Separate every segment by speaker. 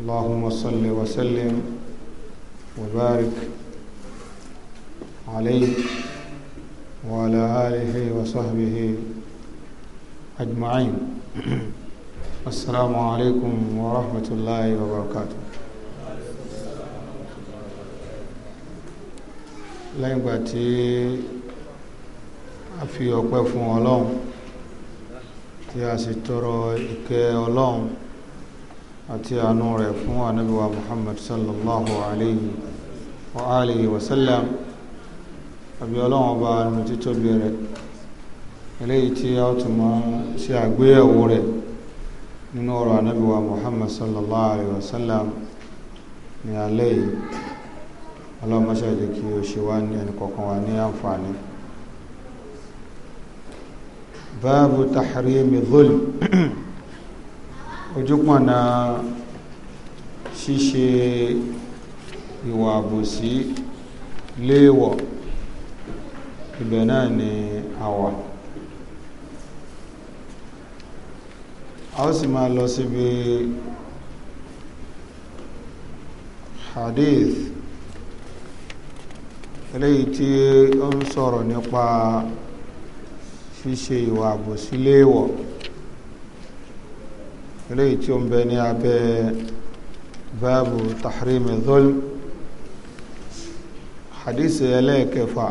Speaker 1: اللهم صل وسلم وبارك عليه وعلى آله وصحبه أجمعين السلام عليكم ورحمة الله وبركاته lẹ́yìn ìgbà tí a fi ọpẹ́ fún ọlọ́run tí a sì tọrọ ìkẹ́ ọlọ́run àti àánú rẹ̀ fún anábíwá muhammad sallallahu alayhi wa alihi wa sallam àbí ọlọ́run ọba nínú títóbi rẹ̀ eléyìí tí a tún máa ṣe àgbéyẹ̀wò rẹ̀ nínú ọ̀rọ̀ anábíwá muhammad sallallahu alayhi wa sallam ní alẹ́ yìí ọlọ́mọṣẹ́ jẹ́ kí o ṣe wá ní ẹnì kọ̀ọ̀kan wà ní àǹfààní báàbù tahrimi zulm ojúpọ̀nà ṣíṣe ìwà àbòsí léèwọ̀ ibẹ̀ náà ni àwa a ó sì máa lọ síbi hadith eléyìí tí ó ń sọ̀rọ̀ nípa ṣíṣe ìwà àbòsí léèwọ̀ eléyìí tí ó ń bẹ ní abẹ́ báàbù tahrimi zulm hadisi ẹlẹ́ẹ̀kẹfà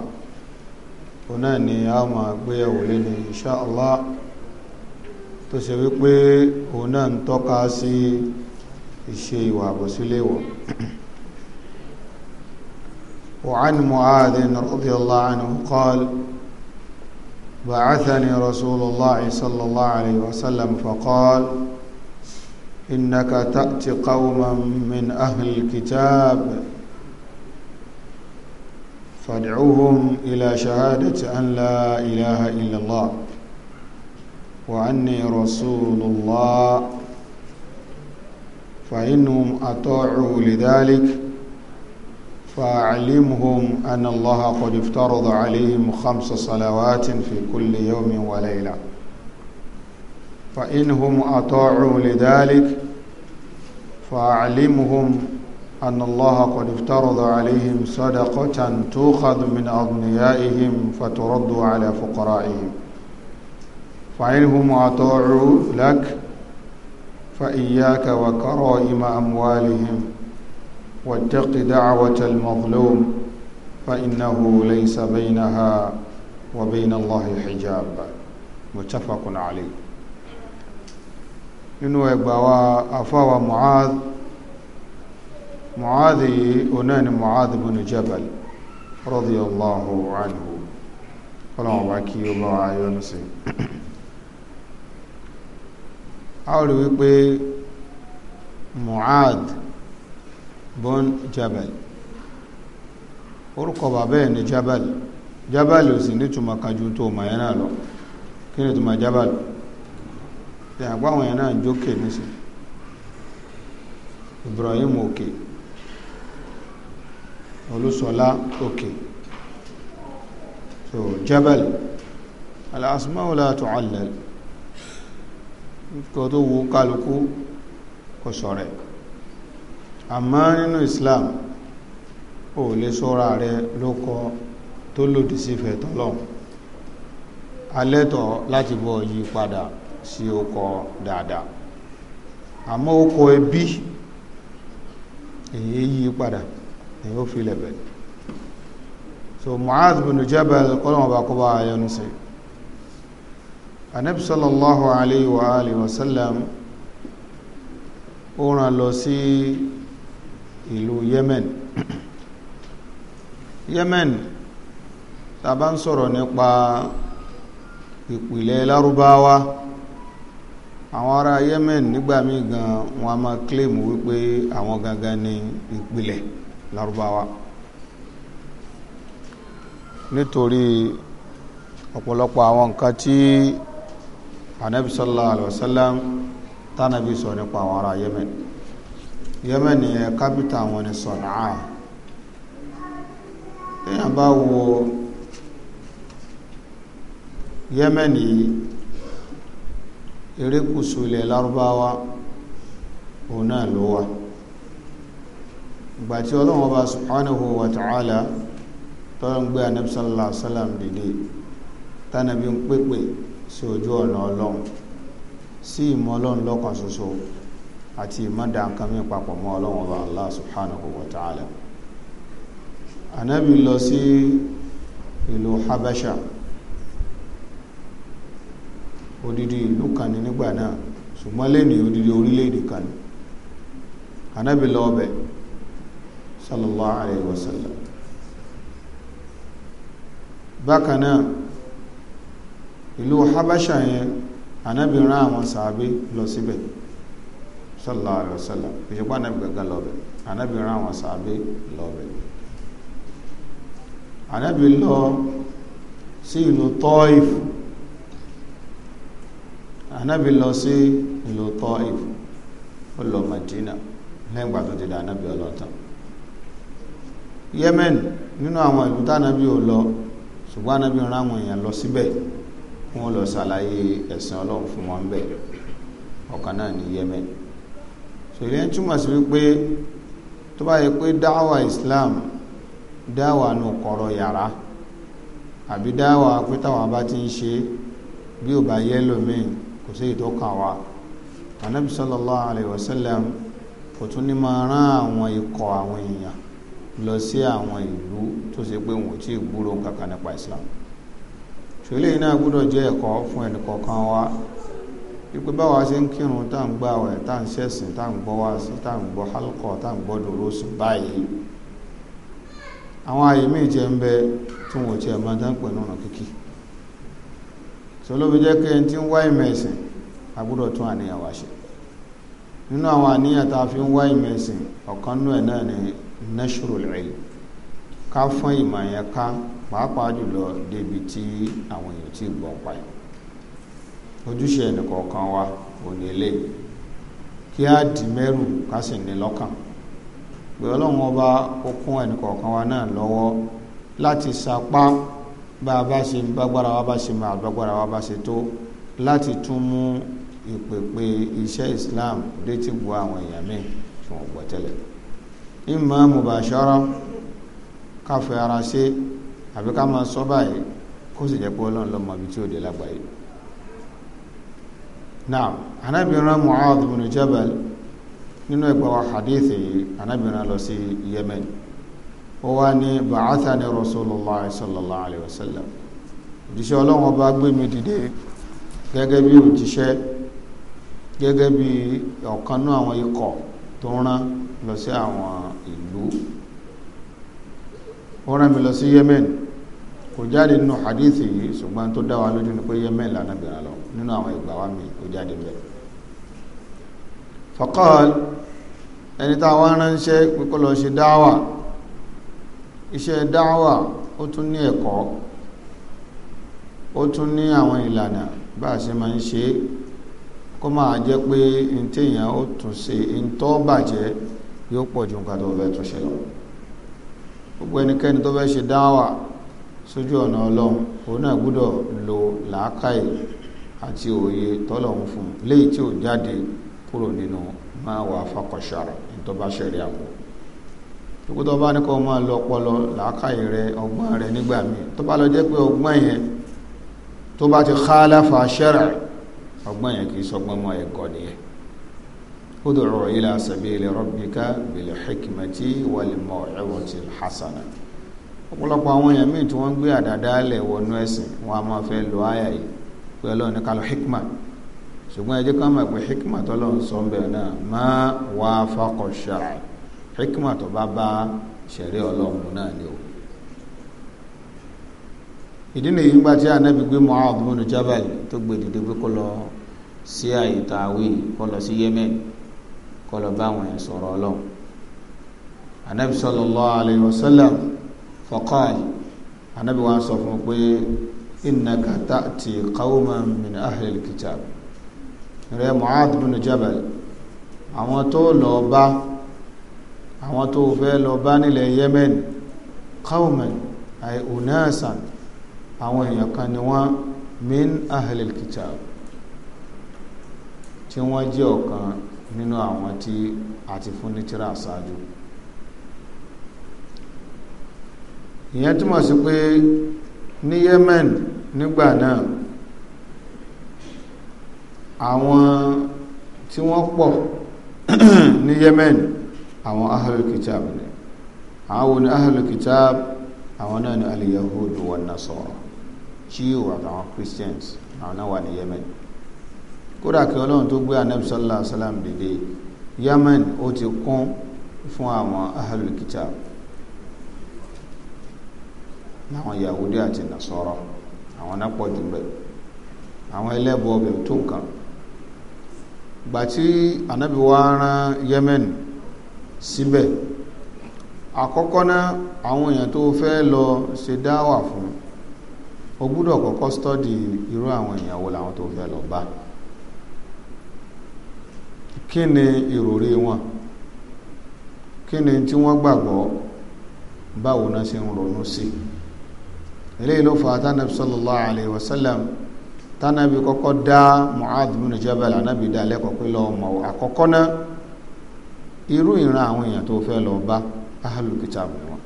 Speaker 1: ọ̀nà ni a máa gbéyàwó lẹ́nu insha Allah tó ṣe wípé òun náà ń tọ́ka sí ìṣe ìwà àbọ̀síléwọ̀ وعن معاذ رضي الله عنه قال بعثني رسول الله صلى الله عليه وسلم فقال إنك تأتي قوما من أهل الكتاب فادعوهم إلى شهادة أن لا إله إلا الله وأني رسول الله فإنهم أطاعوا لذلك فأعلمهم أن الله قد افترض عليهم خمس صلوات في كل يوم وليلة فإنهم أطاعوا لذلك فأعلمهم أن الله قد افترض عليهم صدقة تؤخذ من أغنيائهم فترد على فقرائهم فإنهم أطاعوا لك فإياك وكرائم أموالهم واتق دعوة المظلوم فإنه ليس بينها وبين الله حجاب متفق عليه nínú ẹgbà wa afáwa Mu'adh Mu'adh yìí oná ni Mu'adh bin Jabal radiyallahu anhu kọ́lọ̀wọ̀n wá kí ó bá wa yọ́nu sí a rí wípé Mu'adh bin Jabal orúkọ bàbá ẹ̀ ni Jabal Jabal ò sì nítumọ̀ kan tó mọ̀ ẹ́ náà lọ kí ni ìtumọ̀ Jabal? ṣe àgbáwọn yẹn náà jókè nísìn Ibrahim òkè Olúṣọlá òkè so jabal al-asma'u la tu'allal kò tó wù kálukú kò sọ̀rẹ̀ àmọ́ nínú Islam ò lè sọ́ra rẹ ló kọ tó lòdì sí fẹ̀tọ́lọ́hùn alẹ́tọ̀ láti bọ̀ yí padà sí okọ dáadáa àmọ́ okọ ẹbí èyí yí padà èyí ó fi lẹ̀bẹ̀ so Mu'adh bin Jabal kọ́lọ̀mọba kọba ayọ́nu sí anabi sallallahu alayhi wa alihi wa sallam ó rán lọ sí ìlú Yemen Yemen tá bá ń sọ̀rọ̀ nípa ìpìlẹ̀ lárúbáwá àwọn ará Yemen nígbà míì gan wọn a máa kílèmù wípé àwọn gangan ní ìpìlẹ̀ lárúbáwá nítorí ọ̀pọ̀lọpọ̀ àwọn nǹkan tí anabi sallallahu alaihi wasallam tánàbí sọ nípa àwọn ará Yemen Yemen ni kápítà wọn ni Sọ̀nàá téèyàn bá wo Yemen yìí erékùsù ilẹ̀ lárúbáwá òun náà ló wà ìgbà tí ọlọ́run ọba subhanahu wa ta'ala tọ́rọ ń gbé anabi sallallahu sallam dìde tánàbí ń pèpè sí ojú ọ̀nà ọlọ́run sí ìmọ̀ ọlọ́run lọ́kàn ṣoṣo àti ìmọ̀dà nǹkan mí papọ̀ mọ́ ọlọ́run ọba allah subhanahu wa ta'ala anabi lọ sí ìlú habasha odidi ìlú kan ní nígbà náà ṣùgbọ́n lẹ́nu odidi orílẹ̀-èdè kan ní anábì lọ́ọ̀bẹ̀ sallallahu alayhi wa sallam bákan náà ìlú habasha yẹn anábì rán àwọn sàábé lọ síbẹ̀ sallallahu alayhi wa sallam ìṣẹ́pá anábì gàgà lọ́ọ̀bẹ̀ anábì rán àwọn sàábé lọ́ọ̀bẹ̀ anábì lọ sí ìlú tọ́ìfù anábì lọ sí ìlú Taif ó lọ Madina lẹ́gbàá tó ti dá anábì ọlọ́tàn Yemen nínú àwọn ìlú tánábì ò lọ ṣùgbọ́n anábì rán àwọn èèyàn lọ síbẹ̀ wọ́n lọ ṣàlàyé ẹ̀sìn Ọlọ́run fún wọn bẹ̀ ọ̀kan náà ní Yemen ṣèlẹ́ túmọ̀ sí wípé tó bá yẹ pé dáwà Islam dáwà nù kọ̀rọ̀ yàrá àbí dáwà pé táwọn bá ti ń ṣe bí ò bá yẹ lómìn kò sí ìtọ́kàn wa anabi sallallahu alayhi wa sallam kò tún ní máa rán àwọn ikọ̀ àwọn èèyàn lọ sí àwọn ìlú tó ṣe pé wọn ò tí ì gbúrò kankan nípa islam ṣòlẹ́ iná gbọ́dọ̀ jẹ́ ẹ̀kọ́ fún wa wípé báwa ṣe ń kírun tá ń gbà wẹ̀ tá ń ṣẹ̀sìn tá ń gbọ́ wá sí tá ń gbọ́ hálùkọ̀ tá ń gbọ́ dòrósù báyìí àwọn àyè míì jẹ́ ń bẹ tí wọn so ló fi jẹ́ pé ẹni tí ń wá ìmọ̀ ẹ̀sìn agbúdọ̀ tún àníyàn wá ṣe nínú àwọn àníyàn tá a fi ń wá ìmọ̀ ẹ̀sìn ọ̀kan nú ẹ̀ náà ni nashrul ilm ká fún ìmọ̀ yẹn ká pàápàá jùlọ débi tí àwọn èèyàn ti gbọ́n pa ẹ̀ ojúṣe ẹnìkọ̀ọ̀kan wa ò kí á dì mẹ́rù ká sì ní lọ́kàn pé ọlọ́run ọba ó kún ẹnìkọ̀ọ̀kan wa náà lọ́wọ́ láti sapá bá a bá ṣe gbágbára wa bá ṣe máa gbágbára wa bá ṣe tó láti tún mú ìpèpè iṣẹ́ Islam létí bu àwọn èèyàn míì tí wọ́n gbọ́ tẹ́lẹ̀ ìmọ̀ mubashara káfẹ́ ara ṣe àbí ká máa sọ báyìí kó sì jẹ́ pé ọlọ́run lọ́mọ ibi tí ó dé lágbàáyé naam anábìnrin Mu'adh bin Jabal nínú ẹgbàá wa hadith yìí anábìnrin lọ sí Yemen ó wá ní bàátà ní rasulullah sallallahu alayhi wa sallam òjíṣẹ́ ọlọ́run ọba gbé mi dìde gẹ́gẹ́ bí òjíṣẹ́ gẹ́gẹ́ bí ọ̀kan náà àwọn ikọ̀ tó rán lọ sí àwọn ìlú ó rán mi lọ sí yemen kò jáde nínú hadithi yìí ṣùgbọ́n tó dá lójú ni pé yemen lànà bìnrin lọ nínú àwọn ìgbà wa mi ó jáde bẹ́ẹ̀ faqal ẹni táwọn ránṣẹ́ pé lọ ṣe dáwà iṣẹ́ dáwà ó tún ní ẹ̀kọ́ ó tún ní àwọn ìlànà bá a ṣe máa ń ṣe kó máa jẹ́ pé n téèyàn ó tún ṣe n tó bàjẹ́ yóò pọ̀ ju nǹkan tó fẹ́ tún ṣe lọ gbogbo ẹnikẹ́ni tó fẹ́ ṣe dáwà sójú ọ̀nà ọlọ́run òun náà gbúdọ̀ lo làákàyè àti òye tọ́lọ́run fún léyìí tí ò jáde kúrò nínú máa wà fàkọ̀ṣàrọ̀ ní tó bá ṣẹ̀rí àpò gbogbo tó bá ní kó máa lọ ọpọlọ làákàyè rẹ ọgbọ́n rẹ nígbà míì tó bá lọ jẹ́ pé ọgbọ́n yẹn tó bá ti khalafa shar'a ọgbọ́n yẹn kìí sọgbọ́n mọ́ ẹ̀kọ́ nìyẹn ud'u ila sabili rabbika bil hikmati wal maw'izati al hasana ọ̀pọ̀lọpọ̀ àwọn èèyàn míì tí wọ́n gbé àdàdálẹ̀ wọnú ẹ̀sìn wọn a máa fẹ́ hikima tó bá bá ṣẹ̀rí ọlọ́run náà ni o ìdí nìyí ń gbà tí anábì gbé Mu'adh bin Jabal tó gbé dìde pé kó lọ sí àyètò àwí kó lọ sí Yemen kó lọ bá àwọn yẹn sọ̀rọ̀ ọlọ́run anábì sallallahu alayhi wa sallam faqal anábì wa sọ fún pé innaka ta'ti qawman min ahlil kitab rẹ Mu'adh bin Jabal àwọn tó lọ bá àwọn tó fẹ́ lọ bá nílẹ̀ Yemen qawman ay unasan àwọn èèyàn kan ni wọ́n min ahlil kitab tí wọ́n jẹ́ ọ̀kan nínú àwọn tí a ti fún ní tírà ṣáájú ìyẹn túmọ̀ sí pé ní Yemen nígbà náà àwọn tí wọ́n pọ̀ ní Yemen àwọn ahlul kitab ni àwọn ni ahlul kitab àwọn náà ni al-yahud wa nasara Jew àtàwọn Christians àwọn náà wà ní Yemen
Speaker 2: kódà kí ọlọ́run tó
Speaker 1: gbé anabi sallallahu alayhi wa sallam dìde Yemen ó ti kún fún àwọn ahlul kitab àwọn yahudi àti nasọrọ àwọn nápọ̀ jù bẹ́ẹ̀ àwọn ẹlẹ́bọ̀ tó nǹkan gbàtí anabi rán Yemen síbẹ̀ àkọ́kọ́ náà àwọn èèyàn tó fẹ́ lọ ṣe dáwà fún o gbúdọ̀ kọ́kọ́ stọ́dì irú àwọn èèyàn wo làwọn tó fẹ́ lọ bá kí ni ìròrí wọn kí ni tí wọ́n gbàgbọ́ báwo náà ṣe ń ronú sí eléyìí ló fa tánàbí sallallahu alayhi wa sallam tánàbí kọ́kọ́ dá Mu'adh bin Jabal anábì dá lẹ́kọ̀ọ́ pé lọ́ọ́ náà irú ìran àwọn èèyàn tó fẹ́ lọ bá ahlul kitab ni wọn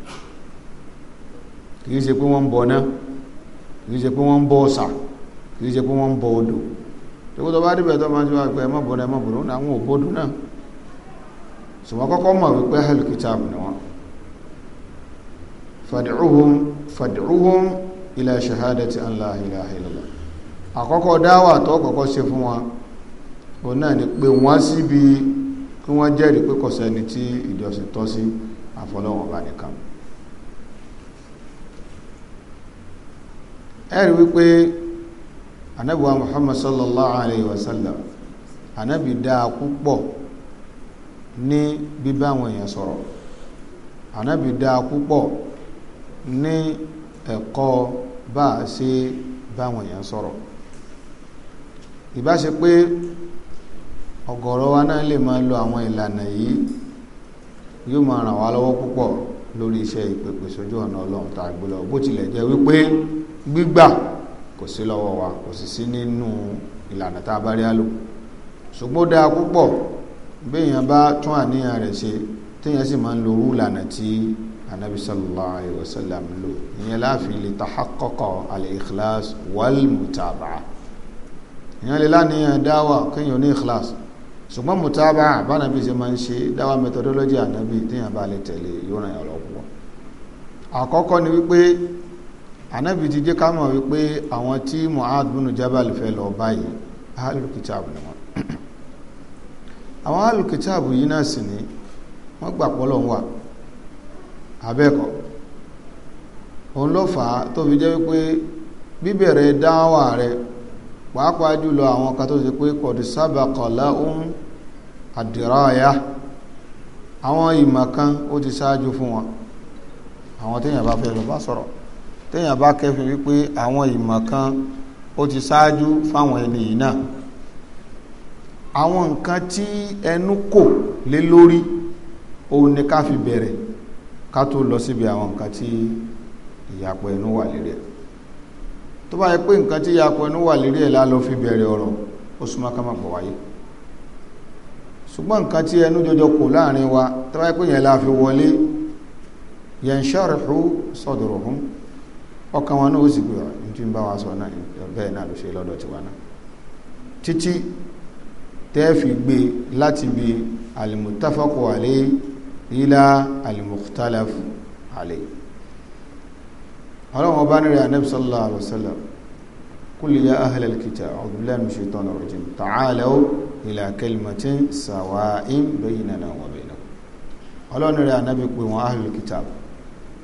Speaker 1: kìí ṣe pé wọ́n ń bọ náà kìí ṣe pé wọ́n ń bọ ọ̀sà kìí ṣe pé wọ́n ń bọ odò tó kó tó bá dìbẹ̀ tó máa ń ṣe wá pé ẹ má bọ̀ náà ẹ má àwọn òbodù náà ṣùgbọ́n kọ́kọ́ mọ̀ wípé ahlul kitab ni wọn fad'uhum fad'uhum ila shahadati an la ilaha illallah àkọ́kọ́ dáwà tó kọ́kọ́ ṣe fún wọn òun náà ni pé wọ́n síbi kí wọ́n jẹ́rìí pé kò sẹ́ni tí ìjọsìn tọ́ sí àfọlọ́wọ̀n bá nìkan ẹ̀rí wípé wa Muhammad sallallahu alayhi wa sallam anábì dáa púpọ̀ ní bíbá àwọn èèyàn sọ̀rọ̀ anábì dáa púpọ̀ ní ẹ̀kọ́ bá a ṣe bá èèyàn sọ̀rọ̀ ìbá ṣe pé ọ̀gọ̀rọ̀ wa náà lè máa lo àwọn ìlànà yìí yóò máa ràn wá lọ́wọ́ púpọ̀ lórí iṣẹ́ ìpèpè sójú ọ̀nà ọlọ́run tá a gbé lọ bó tilẹ̀ jẹ́ wípé gbígbà kò sí lọ́wọ́ wa kò sì sí nínú ìlànà tá a bá rí àlò ṣùgbọ́n ó dáa púpọ̀ béèyàn bá tún àníyàn rẹ̀ ṣe téèyàn sì máa ń lo ìlànà tí anabi sallallahu alayhi wa sallam lò ìyẹn láàfin lè tahaqqaqa al-ikhlas wal mutaba'a ìyẹn lè láníyàn dáwà kéèyàn ní ikhlas ṣùgbọ́n mutaba àbánabi ṣe máa ń ṣe dáwà methodology ànábi téèyàn bá lè tẹ̀lé yóò ràn yàn lọ́pọ̀ àkọ́kọ́ ni wípé ànábi ti jẹ́ ká mọ̀ wípé àwọn tí Mu'adh bin Jabal fẹ́ lọ báyìí ahlul kitab ni wọn àwọn ahlul kitab yìí náà sì ni wọ́n gbà pọ́lọ̀ wà abẹ́ẹ̀kọ́ òun ló fà á tó fi jẹ́ wípé bíbẹ̀rẹ̀ dáwà rẹ̀ pàápàá jùlọ àwọn kan tó ṣe pé kọ̀dù òun àdìráyà àwọn ìmọ̀ kan ó ti ṣáájú fún wọn àwọn téèyàn bá fẹ́ lọ bá sọ̀rọ̀ téèyàn bá kẹfìn wípé àwọn ìmọ̀ kan ó ti ṣáájú fáwọn ẹni yìí náà àwọn nǹkan tí ẹnu kò lé lórí òun ni ká fi bẹ̀rẹ̀ ká tó lọ síbi àwọn nǹkan tí ìyàpọ̀ ẹnu wà lérí ẹ̀ tó bá yẹ pé nǹkan tí ìyàpọ̀ ẹnu wà lérí ẹ̀ la fi bẹ̀rẹ̀ ọ̀rọ̀ ó súnmọ́ ká má pọ̀ wáyé ṣùgbọ́n nǹkan tí ẹnu jọjọ kò láàrin wa tọ́wá pé yẹn la fi wọlé yẹn ṣọ́rùhù sọ̀dọ̀rọ̀hún ọkàn wọn náà ó sì gbé ọ̀rọ̀ ní tí ń bá wa sọ náà bẹ́ẹ̀ náà ló ṣe lọ́dọ̀ tiwa náà títí tẹ́ẹ̀fì gbé láti bi alimutafako alẹ́ ilá alimukhtalafu alẹ́ ọlọ́run ọba nílẹ̀ anabi sallallahu قل يا أهل الكتاب أعوذ بالله من الشيطان الرجيم تعالوا إلى كلمة سواء بيننا وبينكم ọlọ́run rẹ̀ anábì pé wọn ahlul kitab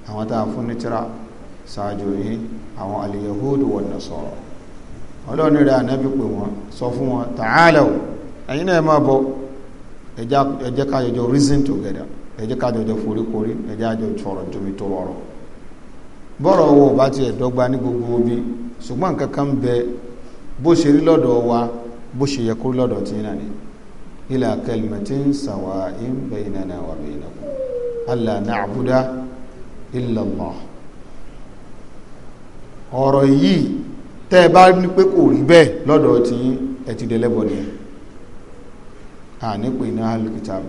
Speaker 1: àwọn tá a fún ní tíra ṣáájú yìí àwọn aliyahudu wọn na sọ̀rọ̀ ọlọ́run rẹ̀ anábì pé wọn sọ fún wọn ta'alaw ẹ̀yin náà máa bọ̀ ẹ jẹ́ ká jọjọ reason together ẹ jẹ́ ká jọjọ foríkorí ẹ jẹ́ ká jọjọ sọ̀rọ̀ jomitoro ọ̀rọ̀ bọ́rọ̀ owó bá ti ẹ̀dọ́gba ní gbogbo ibi ṣùgbọ́n nǹkan kan bẹ bó ṣe rí lọ́dọ̀ wa bó ṣe yẹ kó lọ́dọ̀ tí náà ni ila kalimatin sawa'in baynana wa baynakum alla na'buda illa Allah ọ̀rọ̀ yìí tẹ́ ẹ bá ní pé kò rí bẹ́ẹ̀ lọ́dọ̀ tí ẹ ti dẹlẹ́bọ̀ ni ànípe náà alkitab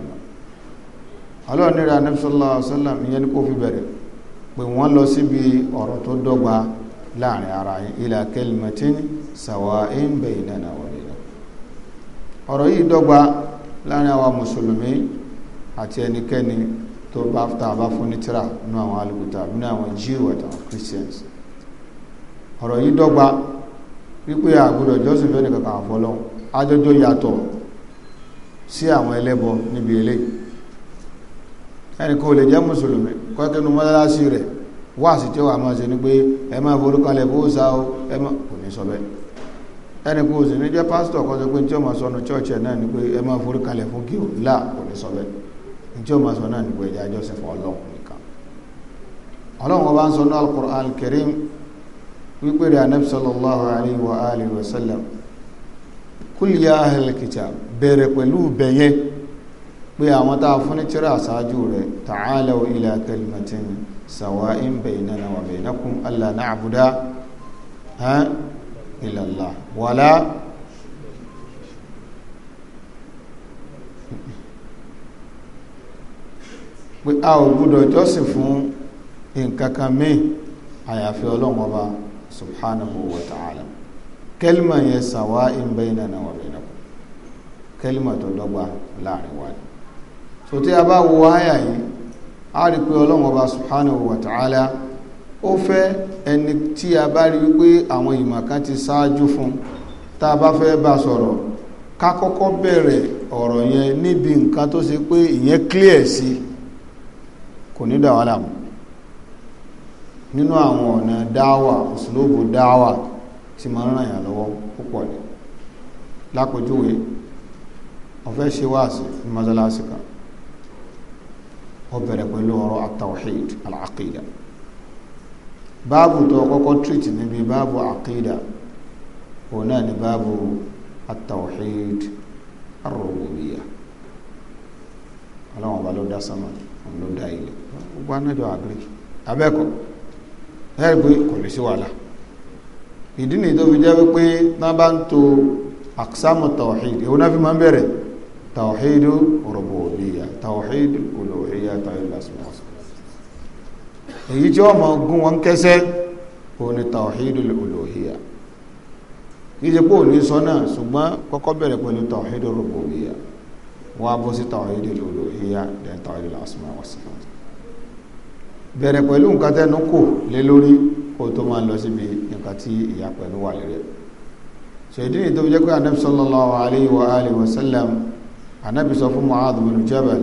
Speaker 1: ọlọ́ọ̀nira nabi sallallahu alaihi wasallam ìyẹn ni kò fi bẹ̀rẹ̀ pè wọ́n lọ síbi ọ̀rọ̀ tó dọ́gba láàrin ara yín ila kalimatin sawa'in baynana wa baynahum ọ̀rọ̀ yìí dọ́gba láàrin àwa mùsùlùmí àti ẹnikẹ́ni tó bá ta bá fún ní tíra nínú àwọn alùpùtà nínú àwọn Jew Christians ọ̀rọ̀ yìí dọ́gba wípé àgbọ̀dọ̀ jọ́sìn fẹ́ nìkan àfọlọ́ ajọ́jọ́ yàtọ̀ sí àwọn ẹlẹ́bọ níbi eléyìí ẹnì kan lè jẹ́ mùsùlùmí kọ́kẹ́nu mọ́lásí rẹ̀ wáàsí tí ó wà máa ṣe ni pé ẹ máa forúkalẹ̀ bó sá o ẹ máa kò ní sọ bẹ́ẹ̀ ẹni kò sì ní jẹ́ pásítọ̀ kan sọ pé tí ó máa sọ nu náà ni pé ẹ máa forúkalẹ̀ fún kí o kò ní sọ bẹ́ẹ̀ tí ó máa sọ náà ni pé pé àwọn tá a fún ní tíra àṣáájú rẹ̀ ta'alaw ila kalimatin sawa'in baynana wa baynakum alla na'buda illa Allah wala pé a ò gbúdọ̀ jọ́sìn fún nǹkankan míì àyàfi ọlọ́run ọba subhanahu wa ta'ala kẹlìmọ̀ yẹn sawa'in baynana wa baynakum kẹlìmọ̀ tó dọ́gba láàrin wa so tí a bá wo àyà yìí a rí pé ọlọ́run ọba subhanahu wa ó fẹ́ ẹni tí a bá rí wípé àwọn ìmọ̀ kan ti ṣáájú fún tá a bá fẹ́ bá sọ̀rọ̀ ká kọ́kọ́ bẹ̀rẹ̀ ọ̀rọ̀ yẹn níbi nǹkan tó ṣe pé ìyẹn clear sí kò ní dà wá nínú àwọn ọ̀nà dáwà òsìlóòbò dáwà tí máa ń ràn yàn lọ́wọ́ púpọ̀ ní lápòjúwe ọ̀fẹ́ ṣe wáàsí ní mọ́sálásí kan ó bẹ̀rẹ̀ pẹ̀lú ọ̀rọ̀ at-tawhid al-aqida báàbù tó kọ́kọ́ treat níbi báàbù aqida òun náà ni báàbù at-tawhid ar-rububiyyah ọlọ́wọ́n ọba ló dá sánmà òun ló dá ilẹ̀ gbogbo anájọ àgbẹ̀ abẹ́kọ̀ ẹ̀rí pé kò lè sí wàhálà ìdí nìyí tó fi jẹ́ wípé náà bá ń to aqsamu tawhid èwo náà fi máa ń bẹ̀rẹ̀ توحيد ربوبية توحيد الألوهية توحيد الأسماء èyí tí wọ́n mọ̀ gún wọn kẹsẹ́ òun ni tawhid al-uluhiyya yìí ṣe pé òun ní sọ náà ṣùgbọ́n kọ́kọ́ bẹ̀rẹ̀ pẹ̀lú tawhid ar-rububiyyah wọ́n á bọ́ sí tawhid al-uluhiyya then tawhid al-asma bẹ̀rẹ̀ pẹ̀lú nǹkan tẹ́nu kò lé lórí kó tó máa lọ síbi nǹkan tí ìyá pẹ̀lú wà lérẹ̀ anabi sọ fún mu'adh bin jabal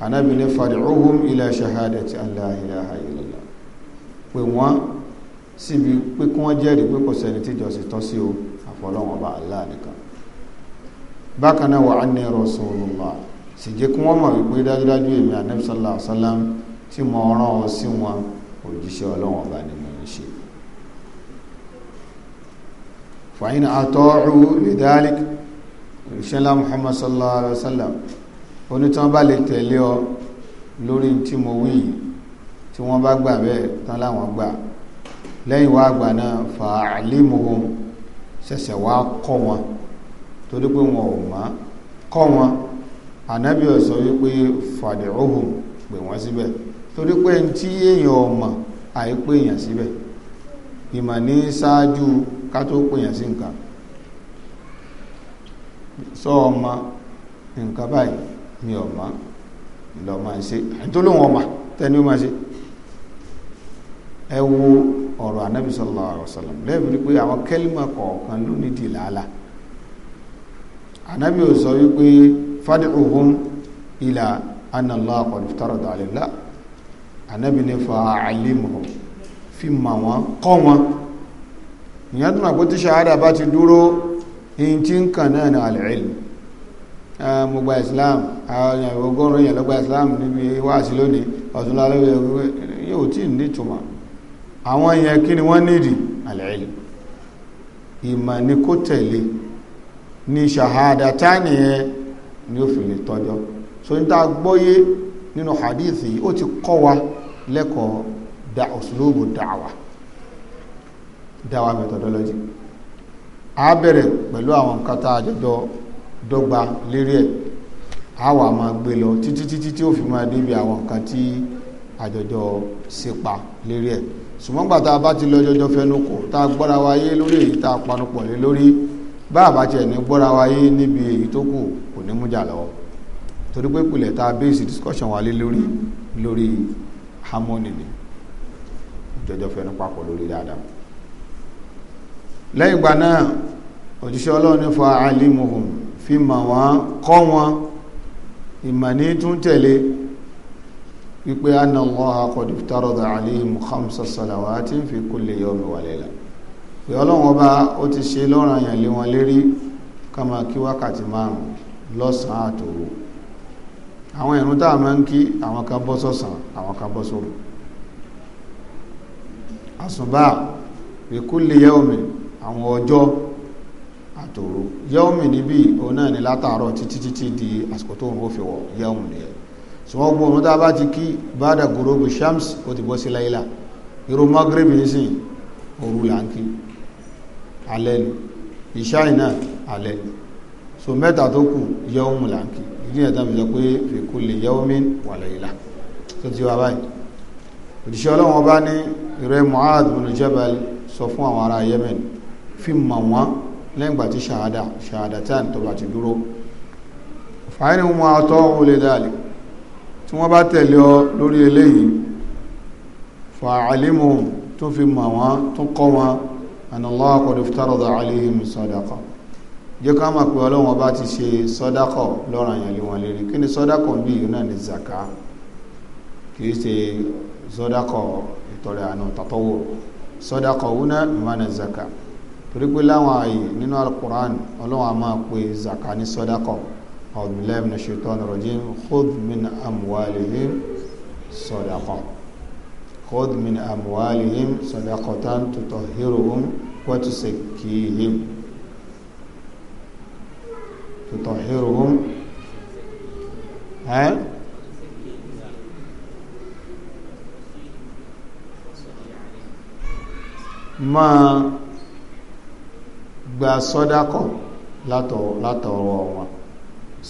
Speaker 1: anabi ní fad'uhum ila shahadati an la ilaha illallah pé wọ́n síbi pé kí wọ́n jẹ́rìí pé kò sẹ́ni tí jọ́sìn tọ́ sí o àfọlọ́wọn ọba allah nìkan bákan náà wa anni rasulullah sì jẹ́ kí wọ́n mọ̀ wípé dájúdájú èmi anabi sallallahu alaihi wasallam tí mo rán ọ sí wọn òjíṣẹ́ ọlọ́wọ́n ọba ni mo ń ṣe fàyín àtọ́rù lidhalik ìṣẹ́lá muhammad sallallahu alaihi wasallam onítàn bá lè tẹ̀lé ọ lórí tí mo wí yìí tí wọ́n bá gbà bẹ́ẹ̀ tán láwọn gbà lẹ́yìn wá àgbà náà fa'alimuhum ṣẹ̀ṣẹ̀ wá kọ́ wọn torí pé wọn ò mọ̀ kọ́ wọn ànábì ó sọ wípé fad'uhum pè wọ́n síbẹ̀ torí pé tí èèyàn ò àìpé èèyàn síbẹ̀ ìmọ̀ ní ṣáájú ká tó pèèyàn sí nǹkan sọ ọmọ nǹkan báyìí mi ò mọ lọ máa ń ṣe tó lóun ọmọ tẹni ó máa ṣe ẹ wo ọ̀rọ̀ anábì sallallahu alaihi wasallam lẹ́ẹ̀bí pé àwọn kẹ́límà kọ̀ọ̀kan ló nídìí làálà anábì ò sọ wípé fad'uhum ila anna Allah qad iftarada àlèlá anábì ní fa alimuhum fi mà wọn kọ́ wọn ìyẹn tó máa pé tí ṣahada bá ti dúró in tí ń kàn náà ní al-ilm gbogbo islam ọgọ́rùn èèyàn lọ́gbà islam níbi wáàsí lónìí ọ̀tún lálẹ́wẹ̀ yóò tí ní túmọ̀ àwọn èèyàn kí ni wọ́n nídìí al-ilm ìmọ̀ ni kó tẹ̀lé ni ṣàhádà tánìyàn ni ó fi lè tọ́jọ́ so a bẹ̀rẹ̀ pẹ̀lú àwọn kata tá a jọjọ dọ́gba lérí ẹ̀ a wà máa gbé lọ títí títí tí ó fi máa débi àwọn nǹkan tí àjọjọ sípa lérí ẹ̀ ṣùgbọ́n gbà tá a bá ti lọ jọjọ fẹnu kò tá a gbọ́ra wáyé lórí èyí tá panupọ̀ lé lórí bá a ní gbọ́ra wáyé níbi èyí tó kù kò ní mújà lọ́wọ́ torí pé ìpìlẹ̀ tá bẹ́ẹ̀sì discussion wà lé lórí lórí harmony ni jọjọ fẹnu papọ̀ lórí dáadáa lẹ́yìn ìgbà náà òjíṣẹ́ ọlọ́run ní fa alimuhum fi mọ̀ wọ́n kọ́ wọn ìmọ̀ ní tún tẹ̀lé wípé anàlọ́ha kọ̀dù tàrọ̀dà aléhìm khamsa salawati fi kulli yawmi wa layla pé ọlọ́run ọba ó ti ṣe lọ́rọ̀ àyàn lé wọn lérí kama kí wákàtí márùn lọ́sàn-án àtòru àwọn ìrun àwọn ọjọ́ àtòrò yẹ́ọ̀mì níbí òun náà ni látàárọ̀ títí títí di àsìkò tó ń wó fi wọ̀ yẹ́ọ̀mù nìyẹn ṣùgbọ́n gbogbo òun tá a bá ti kí bada gurubu shams ó ti bọ́ sí láìla irú magrib nísìn òru là ń kí alẹ́ ni ìṣáì náà alẹ́ ni so mẹ́ta tó kù yẹ́ọ̀mù là ń kí ìdí ẹ̀ta fi sọ pé fi kulli yawmin wa layla tó ti wá báyìí òjíṣẹ́ ọlọ́run ọba ní ìrẹ́ Mu'adh bin Jabal sọ fún àwọn ará Yemen fi mọ̀ wọ́n lẹ́yìn gbà tí ṣàhádà ṣàhádà tí à ń tọba ti dúró fàáyìn wọn àtọ́ òun lè dàlì tí wọ́n bá tẹ̀lé ọ lórí eléyìí fàálímù tó fi mọ̀ wọ́n tó kọ́ wọn anallahu qad iftarada alayhim sadaqa jẹ́ ká mọ̀ pé ọlọ́wọ́n bá ti ṣe sọ́dákọ̀ lọ́rọ̀ àyànlé wọn lérí kí ni sọ́dákọ̀ bí yìí náà ni zaka kìí ṣe sọ́dákọ̀ ìtọrẹ àánú tàtọ́wò sọ́dákọ̀ wúná ìmánà zaka torí pé láwọn ààyè nínú alukur'an ọlọ́run a máa pe zaka ní sọ́dákọ̀ ọ̀dùnlẹ́m ní ṣètọ́nù rọ̀jìn khudh min amwalihim sọ́dákọ̀ khudh min amwalihim sadaqatan tutahhiruhum wa tusakkihim tutahhiruhum ẹ́ máa gba sọ́dákọ̀ látọ̀rọ̀ wọn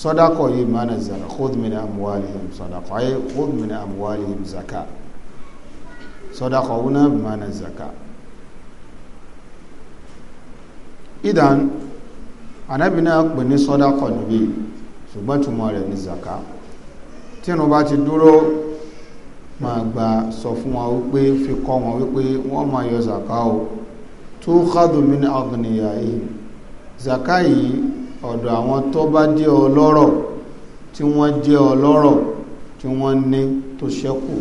Speaker 1: sọ́dákọ̀ yìí mana zara khudh min amwalihim sọ́dákọ̀ ayé khudh min amwalihim zaka sọ́dákọ̀ wuna mana zaka idan anabi náà pè ní sọ́dákọ̀ níbi ṣùgbọ́n túmọ̀ rẹ̀ ní zaka tínú bá ti dúró máa gba sọ fún wọn wípé fi kọ́ wọn wípé wọ́n máa yọ zaka o tukhadhu min aghniya'i zaka yìí ọ̀dọ̀ àwọn tó bá jẹ́ ọlọ́rọ̀ tí wọ́n jẹ́ ọlọ́rọ̀ tí wọ́n ní tó ṣẹ́kù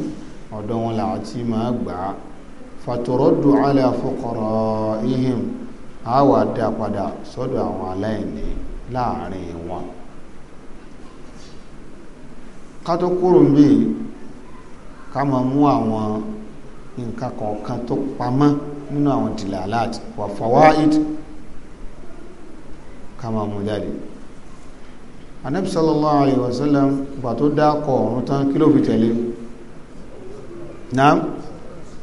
Speaker 1: ọ̀dọ̀ wọn làá ti máa gbà á faturaddu ala fuqara'ihim a wà dá padà sọ́dọ̀ àwọn aláìní láàrin wọn kátó kúrò ká máa mú àwọn nǹkan kọ̀ọ̀kan tó pamọ́ nínú àwọn dilalat wà fawaid ká máa mú jáde anabi sallallahu alayhi wa sallam gbà tó dá kọ ọ̀run tán kí ló fi tẹ̀lé naam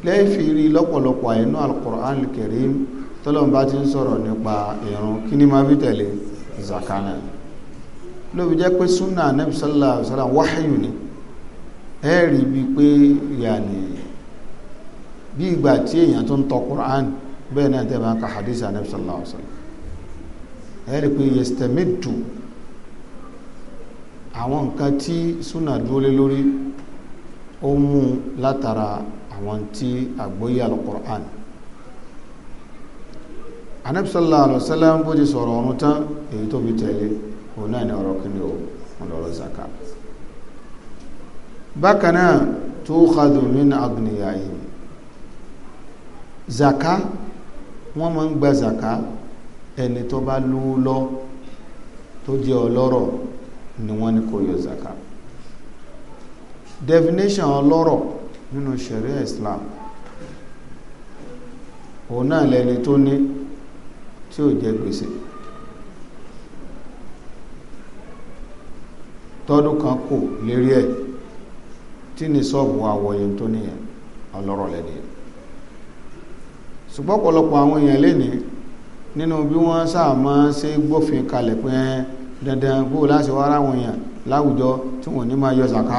Speaker 1: lẹ́ẹ̀fì rí lọ́pọ̀lọpọ̀ àìnú al-Qur'an al-Karim tọ́lọ́n bá ti ń sọ̀rọ̀ nípa ìrun kí ni máa fi tẹ̀lé zakana ló fi jẹ́ pé súnà anabi sallallahu alayhi wa sallam ni ẹ̀ẹ́rì bíi pé yàní bí ìgbà tí èèyàn tó ń tọ Qur'an bẹ́ẹ̀ náà tẹ́ bá ń ka hadith anabi sallallahu alaihi wa sallam ẹ̀rí pé yestemidu àwọn nǹkan tí súnà dúólé lórí ó mú látara àwọn tí àgbóyé al-Qur'an anabi sallallahu alaihi wa sallam bó ti sọ̀rọ̀ ọ̀run tán èyí tó fi tẹ̀lé òun náà ni ọ̀rọ̀ kíni o ọ̀rọ̀ zaka bákan náà tukhadhu min aghniyaihim zaka wọ́n máa ń gba zaka ẹni tó bá lówó lọ tó jẹ́ ọlọ́rọ̀ ni wọ́n ní kó yọ zaka definition ọlọ́rọ̀ nínú sharia islam òun náà lẹni tó ní tí ò jẹ gbèsè tọdún kan kò lérí ẹ̀ tí ní sọ́ọ̀bù àwọ̀yìn tó níyẹn ọlọ́rọ̀ lẹ́nìyẹn ṣùgbọ́n ọ̀pọ̀lọpọ̀ àwọn èèyàn lénìí nínú bí wọ́n sáà máa ṣe gbófin kalẹ̀ pé dandan bó láti wá ráwọn èèyàn láwùjọ tí wọ́n ní máa yọ zàká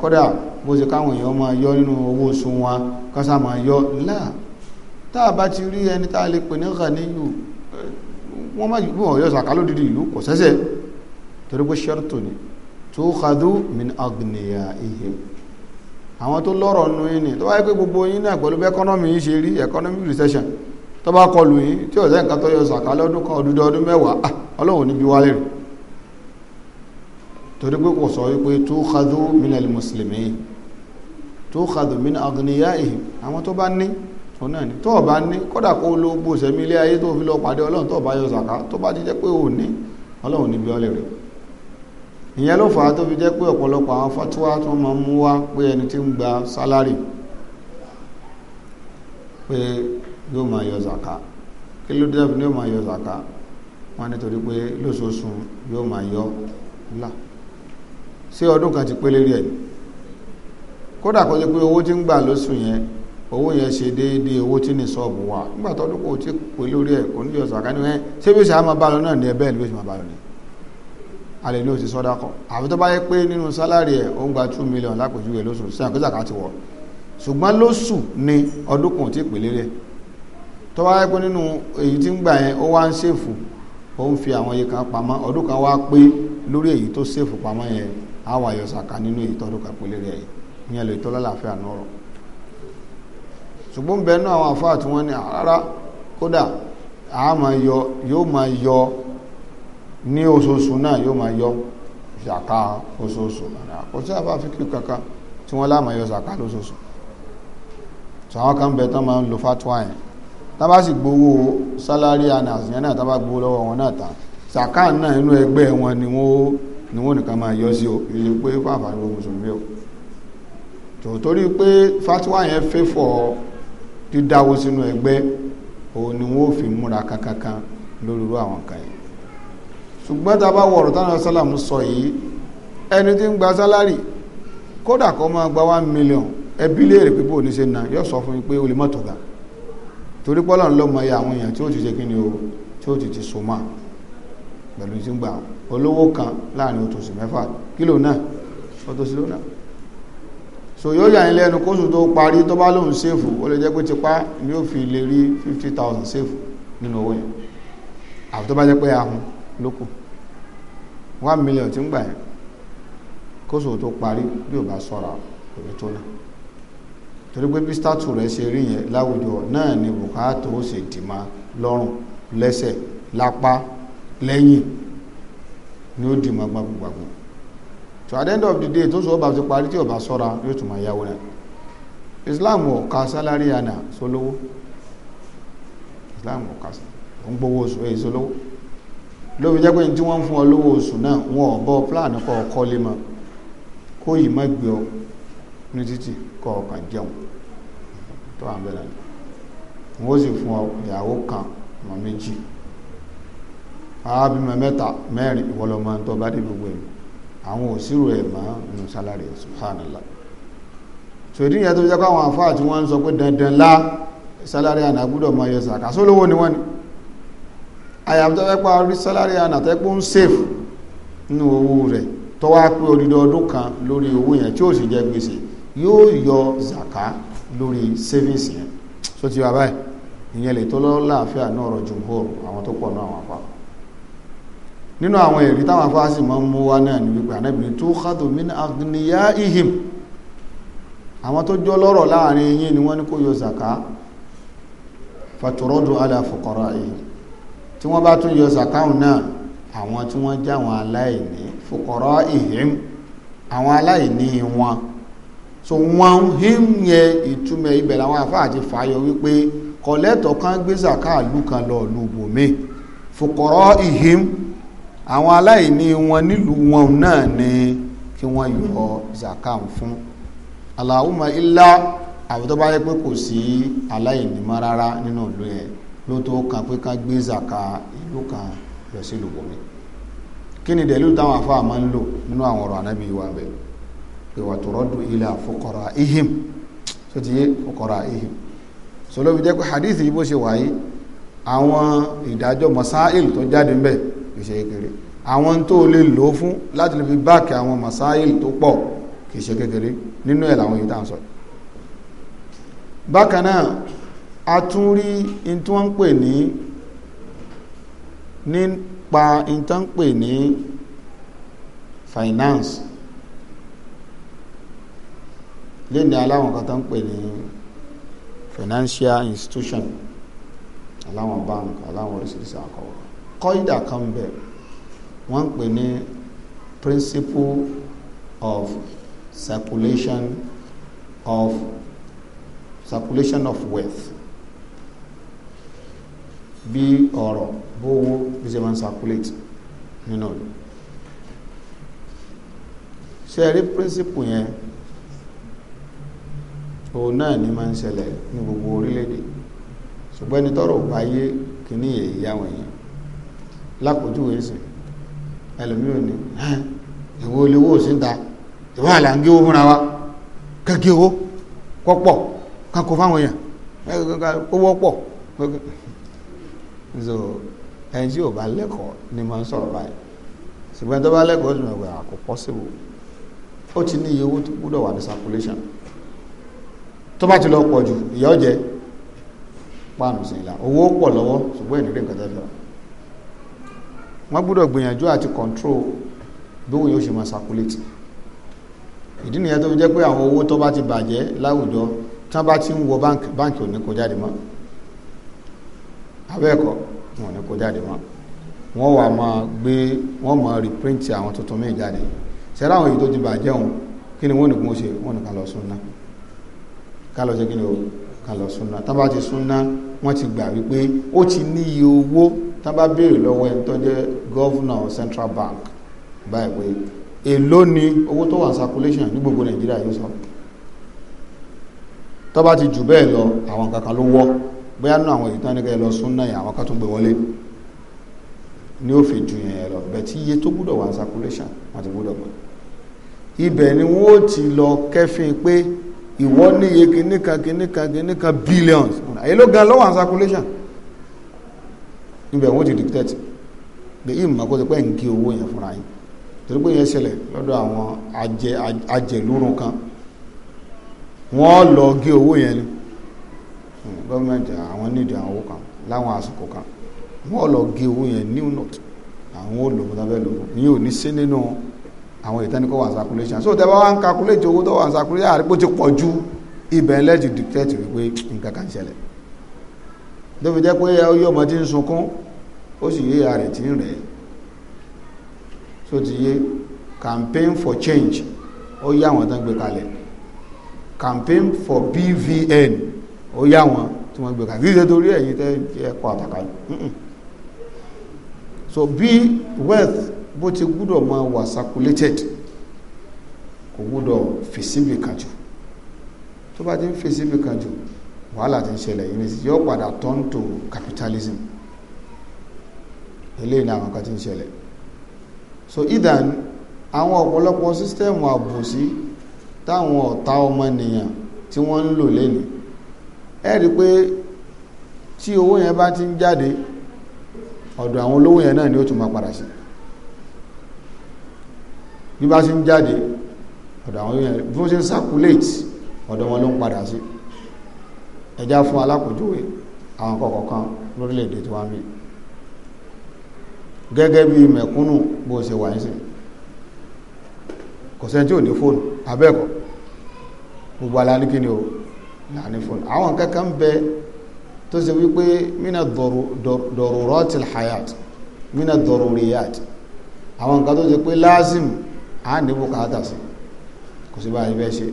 Speaker 1: kódà bó ṣe káwọn èèyàn máa yọ nínú owó oṣù wọn kọ́sà máa yọ láà tá a bá ti rí ẹni tá a lè pè ní ghaniyu wọ́n má yọ ọ̀yọ́ zàká lódìdí ìlú kò torí pé ṣẹ́rù tòní tó khadhu min aghniyaihim àwọn tó lọ́rọ̀ nu yín ni tó wáyé pé gbogbo yín náà pẹ̀lú bí ẹkọ́nọ́mì yín ṣe rí economic recession tó bá kọlù yín tí ọ̀sẹ̀ nǹkan tó yọ sàkà lọ́dún kan ọdún ọdún mẹ́wàá ah, ọlọ́run níbi wálé rẹ̀ torí pé kò sọ wípé tó khadú minal mùsùlùmí tó khadú min agniya ihim àwọn tó bá ní tó náà ní tó o bá ní kódà kó o lo gbòsẹ̀mí ilé ayé tó fi lọ pàdé ọlọ́run tó o bá yọ sàkà tó bá jẹ́ pé o ní ọlọ́run níbi wálé rẹ̀ ìyẹn ló fà á tó fi jẹ́ pé ọ̀pọ̀lọpọ̀ àwọn fatuwa tó máa mú wá pé ẹni tí ń gba sálárì pé yóò máa yọ zaka kí ló dé yóò máa yọ zaka wọn nítorí pé lóṣooṣù yóò máa yọ ńlá ṣé ọdún kan ti pé lérí ẹ̀ kódà kó jẹ́ pé owó tí ń gbà lóṣù yẹn owó yẹn ṣe déédéé owó tí ní sọ́ọ̀bù wa nígbà tọ́dún kò tí pé lórí ẹ̀ kò ní yọ zaka ní ẹ ṣé bí ó ṣe á máa bá lọ náà ní ẹ ni bí ó ṣe alẹ́ ló ti sọ́dá kọ́ àfi tó bá yẹ pé nínú sálárì ẹ̀ ó ń gba two million lápòjúwe lóṣù sí àkójá kan ti wọ̀ ṣùgbọ́n lóṣù ni ọdún kan ti pèlè rẹ̀ tó bá yẹ pé nínú èyí tí ń gbà yẹn ó wá ń ṣèfù ó ń fi àwọn iye kan pamọ́ ọdún kan wá pé lórí èyí tó ṣèfù pamọ́ yẹn á wà yọ sàkà nínú èyí tọ́dún kan pèlè rẹ̀ ìyẹn lè tọ́ lálàáfíà náà rọ̀ ní oṣooṣù náà yóò máa yọ zaka oṣooṣù kò sí àbá fíkìrì kankan tí wọ́n láàmà yọ zaka lóṣooṣù tí àwọn kan bẹ̀ tán máa ń lo fatwa yẹn tá bá sì gbowó sálárì anas yẹn náà tá bá gbowó lọ́wọ́ wọn náà tán zaka náà inú ẹgbẹ́ wọn ni wọ́n ni wọ́n nìkan máa yọ sí o èyí pé fáfà ní mùsùlùmí o tòótórí pé fatwa yẹn fẹ́ dídáwó sínú ẹgbẹ́ òun ni wọ́n fi múra kankankan lórí àwọn kan yìí ṣùgbọ́n tá a bá wọ̀rọ̀ táwọn sálàmù sọ yìí ẹni tí ń gba sálárì kódà kó máa gba one million ẹbí léèrè pé bó ní ṣe nà yóò sọ fún pé o lè mọ̀tò ga torí pọ́lọ̀ ló mọ iye àwọn èèyàn tí ó ti ṣe kí ni o tí ó ti ti so máa pẹ̀lú tí ń gba olówó kan láàrin oṣooṣù mẹ́fà kílò náà oṣooṣù lónà so yóò yà ń lẹ́nu kóṣù tó parí tó bá lóun ṣèfù ó lè jẹ́ pé tipá ni ó fi lè rí fifty thousand ṣèfù nínú owó yẹn àfi tó bá jẹ́ pé ahun lókù one million tí ń gbà yẹn tó parí bí ò bá sọ̀rọ̀ kò ní tó náà torí pé bí rẹ̀ ṣe rí yẹn láwùjọ náà ni bùkátà ó ṣe dìmá lọ́rùn lẹ́sẹ̀ lápá lẹ́yìn ni ó dìmá of the day tó ti parí tí yóò tún máa yáwó Islam àná lóbi jẹ́ pé tí wọ́n ń fún ọ lówó oṣù náà wọn ò bọ́ pláàni kọ́ ọkọ́lé mọ́ kó yìí má gbé ọ ní títì kọ́ ọkàn jẹun tó wà bẹ̀rẹ̀ wọ́n sì fún ọ ìyàwó kan ọmọ méjì àábímọ mẹ́ta mẹ́rin ìwọlọmọ tó bá dé gbogbo ẹ̀ àwọn òsírò ẹ̀ mọ́ nínú sálárì subhanallah sòdí ìyẹn tó jẹ́ pé àwọn àfáà tí wọ́n ń sọ pé dandan lá sálárì àná gbọ́dọ̀ mọ ẹyẹ sàkásólówó ni wọ́n ni àyàfi tó fẹ́ pa orí sálárì ànàtẹ́pọ̀ ń sèfù nínú owó rẹ̀ tó wá pé odidi ọdún kan lórí owó yẹn tí ó sì jẹ gbèsè yóò yọ zaka lórí savings yẹn so ti wá báyìí ìyẹn lè tó lọ́láàfíà náà ọ̀rọ̀ jùmọ̀rù àwọn tó pọ̀ náà àwọn apá nínú àwọn èrí táwọn afá sì máa ń mú wá náà ní wípé anábìrin tó kádùn mí ní agniya ihim àwọn tó jọ lọ́rọ̀ láàrin yín ni wọ́n ní kó yọ zaka fàtúrọ́dù ala fuqara ihim tí wọ́n bá tún yọ sàkáhùn náà àwọn tí wọ́n jẹ́ àwọn aláìní fòkọ̀rọ̀ ìhìm àwọn aláìní wọn so wọn hìm yẹ ìtumọ̀ ibẹ̀ làwọn afáà ti fàyọ wípé kọ̀lẹ́tọ̀ kan gbé sàkáàlù kan lọ lùbòmí fòkọ̀rọ̀ ìhìm àwọn aláìní wọn nílùú wọn náà ni kí wọ́n yọ sàkáhùn fún Allahumma illa àbútọ́ bá yẹ pé kò sí aláìní mọ́ rárá nínú ìlú yẹn ló tó kan pé ká gbé zaka ìlú kan lọ sí ìlú bòmí kí ni dẹ̀lú táwọn afá máa ń lò nínú àwọn ọ̀rọ̀ anábì wa bẹ̀ pé wà tó rọ́dù ila fuqara ihim tó ti yé fuqara ihim so ló fi jẹ́ pé hadith yìí bó ṣe wáyé àwọn ìdájọ́ masáìl tó jáde ń bẹ̀ kì í ṣe kékeré àwọn tó lè lò fún láti lè fi báàkì àwọn masáìl tó pọ̀ kì í ṣe kékeré nínú ẹ̀ làwọn yìí tá à ń sọ bákan náà a tún rí in tí wọ́n ń pè ní nípa in tí wọ́n ń pè ní finance léni aláwọn kan tó ń pè ní financial institution aláwọn bank aláwọn oríṣiríṣi àkọwọ́ kọ́ìdà kan ń bẹ wọ́n ń pè ní principle of circulation of circulation of wealth bí ọ̀rọ̀ bówó bí ṣe máa ń circulate nínú ìlú ṣe rí píríncípù yẹn òun náà ni máa ń ṣẹlẹ̀ ní gbogbo orílẹ̀-èdè ṣùgbọ́n ẹni tọ́rọ̀ bá yé kìíní èyí àwọn èèyàn lápòjúwe sí ẹlòmíràn ni ìwọ olówó òsínta ìwọ àlàǹgí owó fúnra wa kẹ́kẹ́ owó kọ́pọ̀ kákó fáwọn èèyàn owó pọ̀ so ẹni tí ò bá lẹ́kọ̀ọ́ ni máa ń sọ̀rọ̀ báyìí ṣùgbọ́n tó bá lẹ́kọ̀ọ́ ó sì mọ̀ pé àkó possible ó ti ní iye owó tó gbúdọ̀ wà ní circulation tó bá ti lọ pọ̀ jù ìyá ọ̀jẹ̀ páànù sí ìlà owó pọ̀ lọ́wọ́ ṣùgbọ́n ìdílé nǹkan tẹ́lẹ̀ wọ́n gbúdọ̀ gbìyànjú àti control bí òun yóò ṣe máa circulate ìdí nìyẹn tó fi jẹ́ pé àwọn owó tó bá ti bàjẹ́ láwùjọ tí wọ́n bá ti ń wọ báǹkì ò ní kó mọ́ abẹ́ẹ̀kọ́ wọn ni kó jáde mọ́ wọ́n wà máa gbé wọ́n máa reprint àwọn tuntun míì jáde ṣẹlẹ̀ àwọn èyí tó ti bàjẹ́ òun kí ni wọ́n ní kún ó ṣe wọ́n ní ká lọ súnná ká lọ ṣe kí ni o ká lọ súnná tá bá ti súnná wọ́n ti gbà wípé ó ti níye owó tá bá béèrè lọ́wọ́ ẹni tó jẹ́ gọ́vnà central bank báyìí pé èló ni owó tó wà circulation ní gbogbo nàìjíríà yóò sọ tó bá ti jù bẹ́ẹ̀ lọ àwọn kankan ló wọ́ bóyá nínú àwọn ìtàn nígbà lọ súnà yẹn àwọn kan tún gbé wọlé ní ó fi ju yẹn lọ bẹ́ẹ̀ tí iye tó gbúdọ̀ wà ní circulation wọn ti gbúdọ̀ pọ̀ ibẹ̀ ni wọ́n ó ti lọ kẹ́fìn pé ìwọ níye kìnnìkan kìnnìkan kìnnìkan billions èyí ló gan lọ́wọ́ ní circulation níbẹ̀ wọ́n ti dictate pé ìmọ̀ kó ti pẹ́ ń gé owó yẹn fúnra yín torí pé yẹn ṣẹlẹ̀ lọ́dọ̀ àwọn ajẹlúrun kan wọ́n lọ gé owó yẹn ni gọ́ọ̀mẹ̀ntì àwọn nídìí àwọn owó kan láwọn àsìkò kan wọ́n lọ gé owó yẹn new note àwọn olùkọ́ tàbí ẹlòmọ́ ní ò ní sí nínú àwọn ìtẹ́nikọ́ wà circulation so tẹ́ bá wá ń calculate owó tó wà circulation àrípò ti pọ̀ ju ibẹ̀ lẹ́jì dictate wípé nǹkan kan ṣẹlẹ̀ tó fi jẹ́ pé ọyọ́ ọmọ tí ń sunkún ó sì yé ààrẹ tí ń rẹ̀ so ti yé campaign for change ó yá àwọn tán gbé kalẹ̀ campaign for BVN ó yá wọn tí wọ́n gbé kàkí torí ẹ̀yìn tẹ́ ẹ̀kọ́ àtàkàlù so bí wealth bó ti gbúdọ̀ máa wà circulated kò gbúdọ̀ fèsì bì kan jù tó bá ti ń fèsì kan jù wàhálà ti ń ṣẹlẹ̀ yìí nìsí yóò padà turn to capitalism eléyìí ni àwọn kan ti ń ṣẹlẹ̀ so idan àwọn ọ̀pọ̀lọpọ̀ sísítẹ́ẹ̀mù àbòsí táwọn ọ̀tá ọmọnìyàn tí wọ́n ń lò lénìí ẹ rí pé tí owó yẹn bá ti ń jáde ọ̀dọ̀ àwọn olówó yẹn náà ni ó tún máa padà sí bí bá ti ń jáde ọ̀dọ̀ àwọn yẹn bí wọ́n ṣe ń circulate ọ̀dọ̀ wọn ló ń padà sí ẹjá fún alákòjúwe àwọn kọ̀ọ̀kan lórílẹ̀‐èdè tí wọ́n ń bí gẹ́gẹ́ bí mẹ̀kúnnù bó ṣe wà nísìn kò sẹ́ni tí ò ní fóònù abẹ́ẹ̀kọ́ gbogbo alá ní kíni o lànìfún àwọn kankan bẹ tó ṣe wípé mina dọ̀rọ̀rọ̀tì hayat mina dọ̀rọ̀rìyat àwọn nǹkan tó ṣe pé láásìm à ń dìbò káàtà sí kò sí báyìí bẹ́ẹ̀ ṣe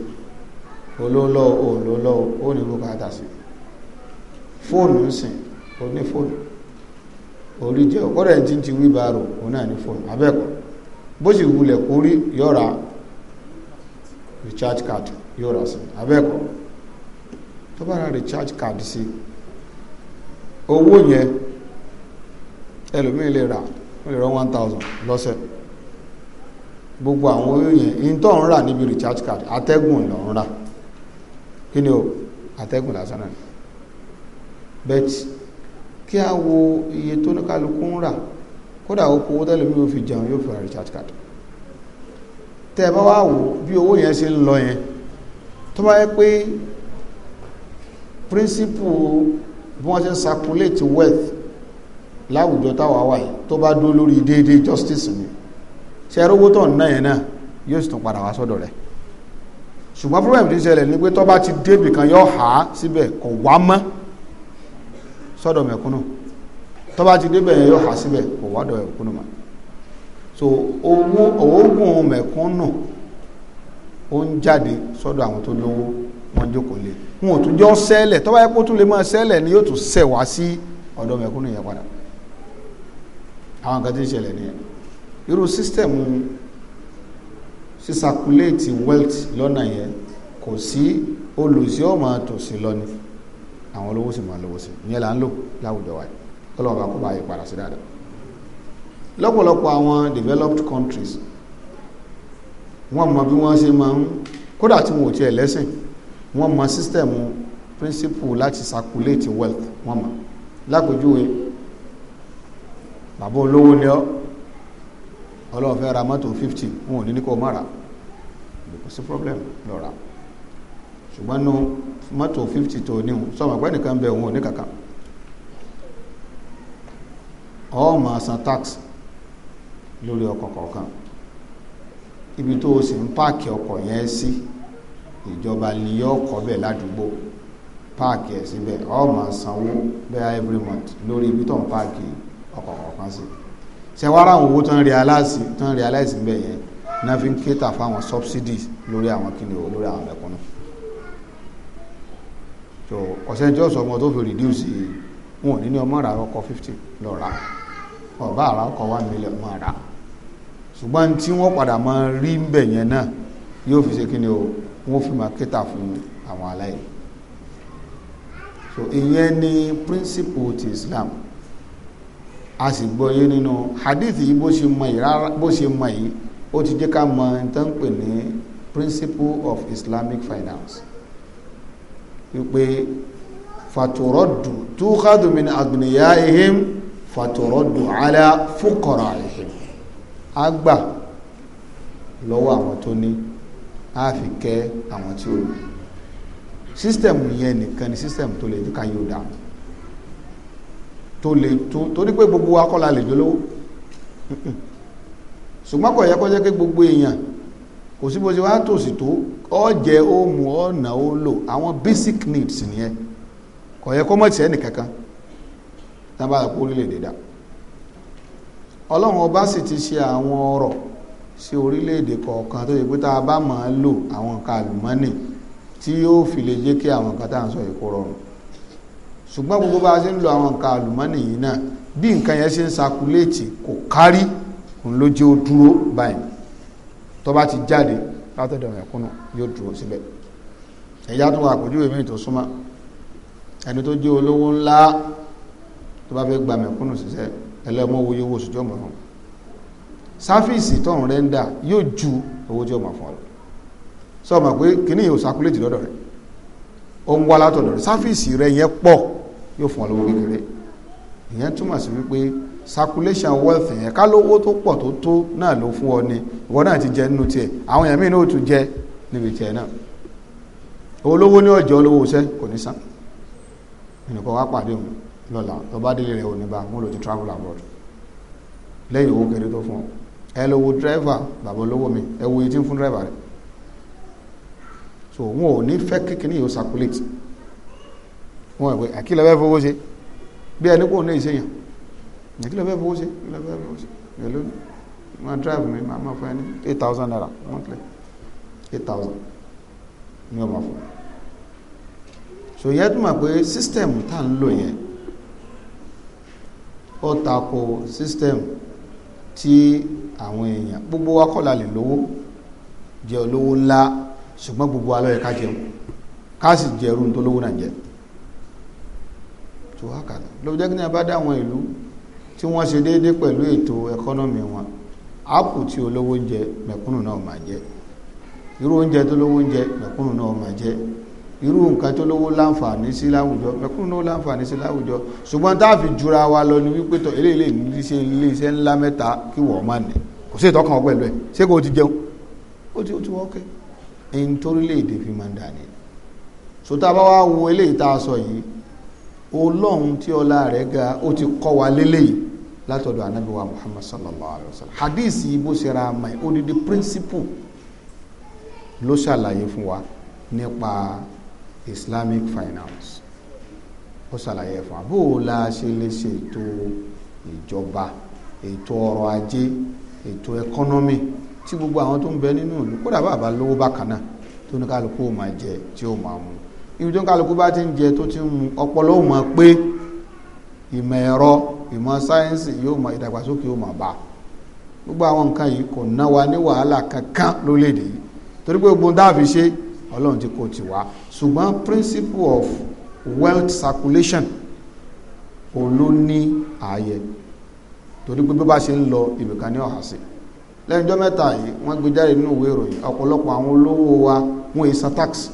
Speaker 1: olólọ́ olólọ́ ó ní bò káàtà sí fóònù ń sìn ó ní fóònù orí jẹ́ ọ̀kọ́rẹ́ tí ń ti wí ó náà ní fóònù bó tó bá ra recharge card sí owó yẹn ẹlòmíì lè rà ó lè rọ one thousand lọ́sẹ̀ gbogbo àwọn owó yẹn in tó ń rà níbi recharge card atẹ́gùn ló ń rà kí ni o atẹ́gùn lásán náà bet kí a wo iye tó ní kálukú ń rà kódà ó kó tẹ́lẹ̀ mi ò fi jẹun yóò fi ra recharge card tẹ́ ẹ bá wá wò bí owó yẹn ṣe ń lọ yẹn tó bá yẹ pé Principle, bí wọ́n ṣe ń circulate wealth láwùjọ táwa wà yìí tó bá dúró lórí déédéé justice ni ṣe rówó tó ń ná yẹn náà yóò sì tún padà wá sọ́dọ̀ rẹ̀ ṣùgbọ́n problem ti ṣẹlẹ̀ ni pé tó bá ti débì kan yóò hà á síbẹ̀ kò wá mọ́ sọ́dọ̀ mẹ̀kúnnù tó bá ti débẹ̀ yẹn yóò hà á síbẹ̀ kò wá dọ̀ mẹ̀kúnnù mọ́ so owó oògùn mẹ̀kúnnù ó ń jáde sọ́dọ̀ àwọn tó lówó wọ́n jókòó lé wọn ò tún jọ sẹ́lẹ̀ tọ́ba yẹ kó tún lè máa sẹ́lẹ̀ ni yóò tún sẹ̀ wá sí ọ̀dọ̀ mẹ̀kúnnù yẹn padà àwọn nǹkan tí ń ṣẹlẹ̀ nìyẹn irú sísítẹ̀mù sísàkúléètì wealth lọ́nà yẹn kò sí olùsí ọmọ tòsí lọ́ni àwọn olówó sì máa lówó sí ìyẹn là ń lò láwùjọ wa ọlọ́run bá kó bá yí padà sí dáadáa lọ́pọ̀lọpọ̀ àwọn developed countries wọ́n mọ bí wọ́n ṣe máa ń kódà tí wọn ò tiẹ̀ lẹ́sìn wọ́n mọ system principle láti circulate wealth wọ́n mọ̀ lápèjúwe bàbá olówó ni ọ́ ọlọ́run fẹ́ ra mọ́tò fifty wọn ò ní ní kó má ra kò sí problem lọ ra ṣùgbọ́n nu mọ́tò fifty tó ní wọn sọ ma pé nìkan bẹ òun ò ní kankan ọ́ máa san tax lórí ọkọ̀ kọ̀ọ̀kan ibi tó o sì ń páàkì ọkọ̀ yẹn sí. Si ìjọba lè yọ ọkọ̀ bẹ̀ ládùúgbò páàkì ẹ̀ síbẹ̀ ọ máa sanwó bẹ́ẹ̀ every month lórí ibi tó ń páàkì ọkọ̀ kọ̀ọ̀kan sí ṣẹwárà àwọn owó tó ń realize tó ń realize ń yẹn náà fi ń kéta fáwọn subsidies lórí àwọn kíni o lórí àwọn mẹ̀kúnnù so ọ̀sẹ̀ jọ́ sọ ọmọ tó fi reduce wọn ò ní ní ọmọ rà ọkọ̀ fifty lọ rà ọba àrà ọkọ̀ one million máa rà ṣùgbọ́n tí wọ́n padà máa rí ń bẹ̀ yẹn náà yóò fi ṣe kíni wọ́n fi máa kẹta fún àwọn aláìní so ìyẹn ni principle ti Islam a sì gbọ́ yé nínú hadith yìí bó ṣe mọ yìí ó ti jẹ́ ká mọ n pè ní principle of Islamic finance wípé fàtúrọ́dù túkàdù min àgbìnìyà ihim fàtúrọ́dù alá fúkọ̀rọ̀ ihim a gbà lọ́wọ́ àwọn tó ní A fi kẹ́ àwọn tí ó lò system yẹn nìkan ni system tó lè dúkà yóò dá tó lè tó torí pé gbogbo akọ́la lè jólówó ṣùgbọ́n kò yẹ kó jẹ́ pé gbogbo èèyàn kò sí bó ṣe wá tòsí tó ọ jẹ ó mu ọ nà ó lò àwọn basic needs nìyẹn kò yẹ kó mọ̀ tì ẹnì kankan tábà kó orílẹ̀-èdè dá ọlọ́run ọba sì ti ṣe àwọn ọ̀rọ̀ sí orílẹ̀-èdè kọ̀ọ̀kan tó yẹ pé tá a bá máa lò àwọn nǹkan àlùmọ́nì tí yóò fi lè jẹ́ kí àwọn nǹkan tá à ń sọ yìí kó rọrùn ṣùgbọ́n gbogbo bá a ṣe ń lo àwọn nǹkan àlùmọ́nì yìí náà bí nǹkan yẹn ṣe ń sakuléètì kò kárí òun ló jẹ́ ó dúró báyìí tó bá ti jáde látọ̀dọ̀ ẹ̀kúnnù yóò dúró síbẹ̀ ẹ̀yà tó wà pẹ̀lú èmi tó súnmọ́ ẹni tó jẹ́ olówó ńlá tó bá fẹ́ gbà ṣiṣẹ́ ẹlẹ́mọ̀ wo yóò wò sáfíìsì tó ń rẹ́ńdà yóò ju owó tí ó máa fún ọ lọ sọ ma pé kíní yóò sakuléètì lọ́dọ̀ rẹ̀ ó ń wá látọ̀dọ̀ rẹ̀ sáfíìsì rẹ̀ yẹn pọ̀ yóò fún ọ lówó kékeré ìyẹn túmọ̀ sí wípé circulation wealth yẹn ká lówó tó pọ̀ tó tó náà ló fún ọ ni ìwọ náà ti jẹ nínú tiẹ̀ àwọn èèyàn míì náà ó tún jẹ níbi tiẹ̀ náà olówó ní ọjọ́ olówó iṣẹ́ kò ní san ẹnìkan wá pàdé òun lọ́la tó bá délé rẹ̀ ò bá wọn lò ti travel abroad lẹ́yìn owó kéré tó fún ọ ẹ lọ wo dírẹ́fà bàbá olówó mi ẹ wo etí fún dírẹ́fà rẹ̀ so wọn ò ní fẹ́ kékeré yóò circulate wọn ò pé àkìlẹ̀ fẹ́ fowó ṣe bí ẹni kò ní ìṣèyàn àkìlẹ̀ fẹ́ fowó ṣe àkìlẹ̀ fẹ́ fowó ṣe pẹ̀lú wọn dírẹ́fà mi máa máa fún ẹni eight thousand naira monthly eight thousand ní ọmọ fún so yẹ tó mọ̀ pé system tá à ń lò yẹn ó tako system tí àwọn èèyàn gbogbo wa kọ́la lè lówó jẹ́ olówó ńlá ṣùgbọ́n gbogbo wa lọ́yẹ̀ ká jẹun ká sì jẹ irú tó lówó náà jẹ tó wá kàdà lọ́wọ́ jẹ́ kí ní abádá àwọn ìlú tí wọ́n ṣe déédéé pẹ̀lú ètò ẹkọ́nọ́mì wọn ápù tí olówó ń jẹ mẹ̀kúnnù náà máa jẹ irú oúnjẹ tó lówó ń jẹ mẹ̀kúnnù náà máa jẹ irú nǹkan tó lówó láǹfààní sí láwùjọ mẹ̀kúnnù náà láǹfààní sí láwùjọ ṣùgbọ́n táàfi jura wa lọ ni wípé tọ̀ eléyìí lè ní iṣẹ́ ńlá mẹ́ta kí wọ́n má nìí kò sí ìtọ́kàn ọgbẹ́ ìlú ẹ̀ ṣé kò ti jẹun ó ti ó ti wọ́n kẹ́ ẹni torílẹ̀-èdè fi máa ń dà ní. sọtá bá wá wo eléyìí tá a sọ yìí ọlọ́run tí ọlá rẹ̀ ga ó ti kọ́ wa léléyìí látọ̀dọ̀ anábì muhammad sallallahu alayhi wa sallam hadith yìí bó ṣe ra àmà odidi principle ló ṣàlàyé fún wa nípa islamic finance ó ṣàlàyé fún wa bó o la ṣe lè ṣètò ìjọba ètò ọrọ̀ ajé ètò ẹkọ́nọ́mì tí gbogbo àwọn tó ń bẹ nínú ìlú kódà bàbá lówó bákan náà tó ní kálukú ó máa jẹ tí ó máa mu ibi tó ń kálukú bá ti ń jẹ tó ti ń mu ọpọlọ ó máa pé ìmọ̀ ẹ̀rọ ìmọ̀ sáyẹ́nsì yóò máa ìdàgbàsókè yóò máa bá gbogbo àwọn nǹkan yìí kò ná wa ní wàhálà kankan lórílẹ̀ yìí torí pé ogun dáàfi ṣe ọlọ́run ti kò tì wá ṣùgbọ́n principle of wealth circulation òun ló ní ààyè torí pé bí bá ṣe ń lọ ibìkan ní ọ̀hà sí lẹ́yìnjọ́ mẹ́ta yìí wọ́n gbé jáde nínú ìwé ìròyìn ọ̀pọ̀lọpọ̀ àwọn olówó wa wọ́n èé san táàkì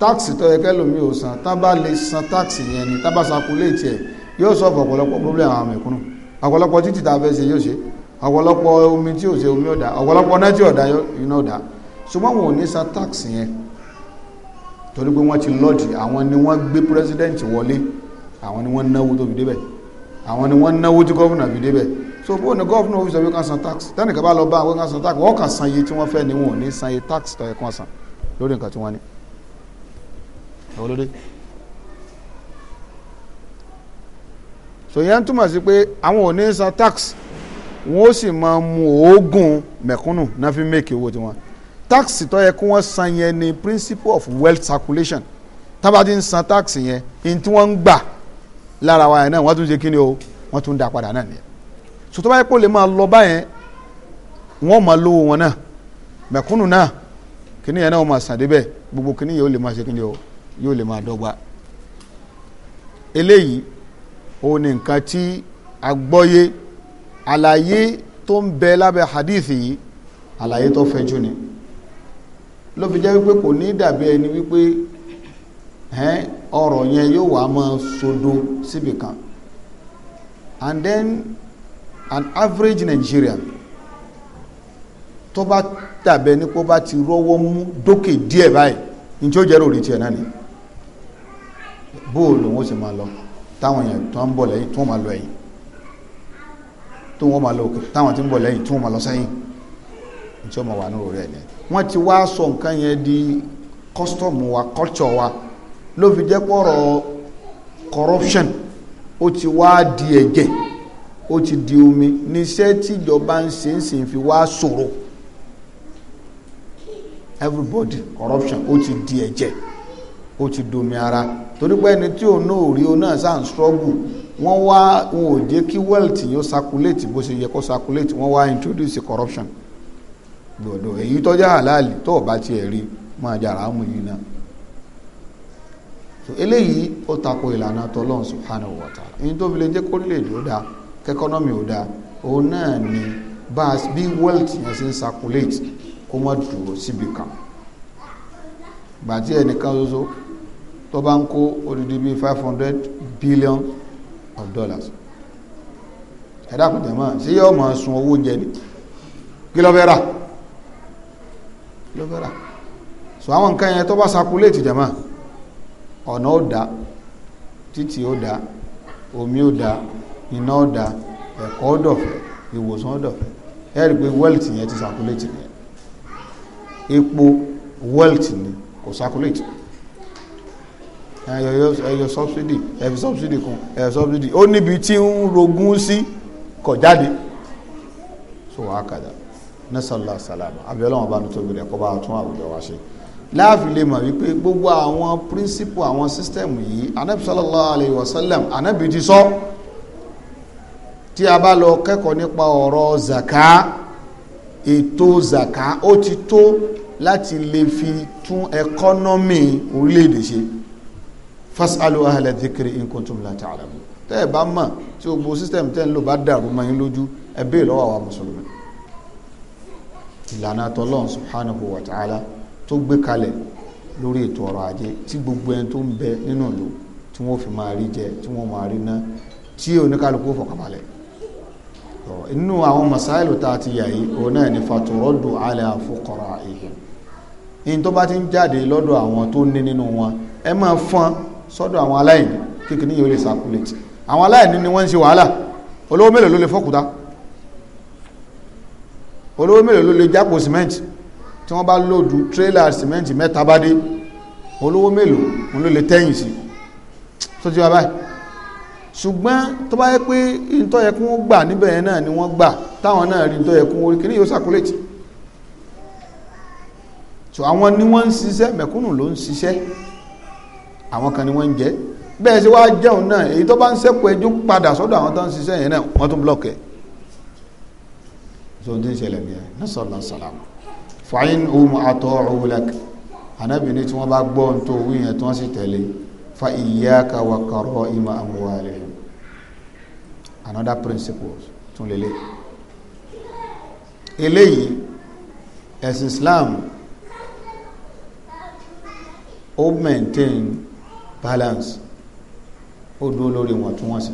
Speaker 1: táàkì tó yẹ kẹ́lòmí ò san tá bá lè san táàkì yẹn ni tá bá sakuléètì ẹ̀ yóò sọ fún ọ̀pọ̀lọpọ̀ problem àwọn mẹ̀kúnnù ọ̀pọ̀lọpọ̀ títì tá a fẹ́ ṣe yóò ṣe ọ̀pọ̀lọpọ̀ omi tí ò ṣe omi ọ̀dà ọ̀pọ̀lọpọ̀ náà tí ọ̀dà iná ọ̀dà ṣùgbọ́n wọn ò ní san táàkì yẹn torí pé wọ́n ti lọ́ọ̀dì àwọn ni wọ́n gbé pírẹ́sídẹ́ǹtì wọlé àwọn ni wọ́n náwó tóbi débẹ̀ àwọn ni wọ́n náwó tí gọ́vùnà fi débẹ̀ so bó ni gọ́vùnà ó fi sọ pé kàn san tax tẹ́nìkan bá lọ bá àwọn kan san tax wọ́n kàn san iye tí wọ́n fẹ́ ni wọn ò ní san iye tax tó yẹ kàn san lórí nǹkan tí wọ́n ní. àwọn olóde so yẹn túmọ̀ sí pé àwọn ò ní san tax wọn ó sì máa mu oògùn mẹ̀kúnnù náà fi mẹ́kì owó tiwọn tax tó yẹ kí wọ́n san yẹn ni principle of wealth circulation tábàdí ń san tax yẹn ní tí wọ́n ń gbà lára wa yẹn náà wọ́n tún ṣe kíni o wọ́n tún dá padà náà nìyẹn sọtọ́ báyìí kó lè máa lọ báyẹn wọ́n máa lówó wọn náà mẹ̀kúnnù náà kíni yẹn náà wọ́n máa sàn débẹ̀ gbogbo kíni yẹn ó lè máa ṣe kíni o yóò lè máa dọ́gba eléyìí òun ni nǹkan tí agbọ́yé àlàyé tó ń bẹ lábẹ́ hadith yìí àlàyé tó fẹ̀jú ni ló wípé kò ní dàbí ẹni wípé ọ̀rọ̀ yẹn yóò wá máa sodo síbì kan and then an average Nigerian tó bá dàbẹ̀ ní kó bá ti rọ́wọ́ mú dókè díẹ̀ báyìí ní tí ó jẹ́rò rí tiẹ̀ náà ni bóòlù wọn sì máa lọ táwọn èèyàn tó ń bọ̀ lẹ́yìn tó máa lọ ẹ̀yìn tó wọ́n máa lọ òkè táwọn tí ń bọ̀ lẹ́yìn tó máa lọ sẹ́yìn ní máa wà ní òróró ẹ̀ ní ti wá sọ nǹkan yẹn di kọ́sítọ́ọ̀mù wa kọ́ltsọ̀ wa ló fi jẹ́ pọ̀rọ̀ corruption ó ti wá di ẹ̀jẹ̀ ó ti di omi níṣẹ́ tíjọba ń ṣe ń sìn fi wá ṣòro everybody corruption ó ti di ẹ̀jẹ̀ ó ti domi ara torí pé ẹni tí òun náà rí òun náà sáà ń struggle wọ́n wá wọn ò jẹ́ kí wealth yóò circulate bó ṣe yẹ kó circulate wọ́n wá introduce corruption gbọ̀dọ̀ èyí tọ́jà àlàálì tó o bá tiẹ̀ rí máa jà ràámù yìí náà eléyìí ó tako ìlànà tọlọ́run subhanahu wa ta'ala ní tó fi lè jẹ́ kórílẹ̀ èdè ó dáa kẹ́kọ́nọ́mì ó dáa òun náà ni bá a bí wealth yẹn ṣe ń circulate kó má dúró síbi kan gbàtí ẹnìkan ṣoṣo tó bá ń kó odidi bíi five hundred billion of dollars ẹ̀dá kò tẹ̀ máa ṣé yóò máa sun owó jẹ ni kí ló fẹ́ rà kí ló fẹ́ rà so àwọn nǹkan yẹn tó bá circulate jẹ̀ máa ọ̀nà ó dá títì ó dá omi ó dá iná ó dá ẹ̀kọ́ ó dọ̀fẹ́ ìwòsàn ó dọ̀fẹ́ ẹ rí i pé wealth yẹn ti circulate yẹn epo wealth ni kò circulate ẹyọ subsidy ẹfi subsidy kun ẹyọ subsidy ó níbi tí ń rogún sí kò jáde so wàá kàdà nasala salama abiola wọn bá nu tóbi rẹ kó bá tún àwùjọ wa ṣe láàfin lè mọ̀ wípé gbogbo àwọn príncipù àwọn sísítẹ̀mù yìí anábì sallallahu alayhi wa sallam anábì ti sọ tí a bá lọ kẹ́kọ̀ọ́ nípa ọ̀rọ̀ zaka ètò zaka ó ti tó láti lè fi tún ẹkọ́nọ́mì orílẹ̀-èdè ṣe fasalu ahla dhikri in kuntum la ta'lamun tẹ́ ẹ bá mọ̀ tí gbogbo sísítẹ̀mù tẹ́ ń lò bá dàrú mọ́ yín lójú ẹ béè lọ́wọ́ àwa mùsùlùmí ìlànà tọ́lọ́run subhanahu wa ta'ala tó gbé kalẹ̀ lórí ètò ọrọ̀ ajé tí gbogbo ẹni tó ń bẹ nínú ìlú tí wọ́n fi máa rí jẹ tí wọ́n máa rí ná tí oníkálukú fọkànbalẹ̀ inú àwọn masáìlù tá a ti yà yìí òun náà ni fàtúrọ́dù alẹ́ àfọkọ̀rọ̀ àìhìn in tó bá ti ń jáde lọ́dọ̀ àwọn tó ní nínú wọn ẹ máa fọ́n sọ́dọ̀ àwọn aláìní kíkiri yóò lè sàkúlẹ̀tì àwọn aláìní ni wọ́n ń ṣe wàhálà olówó mélòó ló lè fọ́kúta olówó mélòó ló lè jápò sìmẹ́ǹtì tí wọ́n bá lòdù tírélà sìmẹ́ǹtì mẹ́ta bá dé olówó mélòó òun ló lè tẹ́yìn sí tó ti wá báyìí ṣùgbọ́n tó bá yẹ pé ìntọ́ yẹ kí wọ́n gbà níbẹ̀ yẹn náà ni wọ́n gbà táwọn náà rí ìntọ́ yẹ kí wọ́n rí kíní yóò sàkúlẹ̀tì so àwọn ni wọ́n ń ṣiṣẹ́ mẹ̀kúnnù ló ń ṣiṣẹ́ àwọn kan ni wọ́n ń jẹ́ bẹ́ẹ̀ sí wá jẹun náà èyí tó bá ń sẹ́kù ẹjọ́ padà sọ́dọ̀ àwọn tó ń ṣiṣẹ́ yẹn náà wọ́n tún blọ́ọ̀kì ẹ̀ so ní ìṣẹ̀lẹ̀ nìyẹn ní sọ̀rọ̀ sàlámù fàáyín ohun àtọ̀ òwúlẹ̀k anábì ní tí wọ́n bá gbọ́ ohun tó wí yẹn tí wọ́n sì tẹ̀lé fa iyyaka wa kara'ima amwalihim another principle tún lélẹ̀ eléyìí ẹ̀sìn Islam ó maintain balance ó dúró lórí wọ̀ntúnwọ̀nsì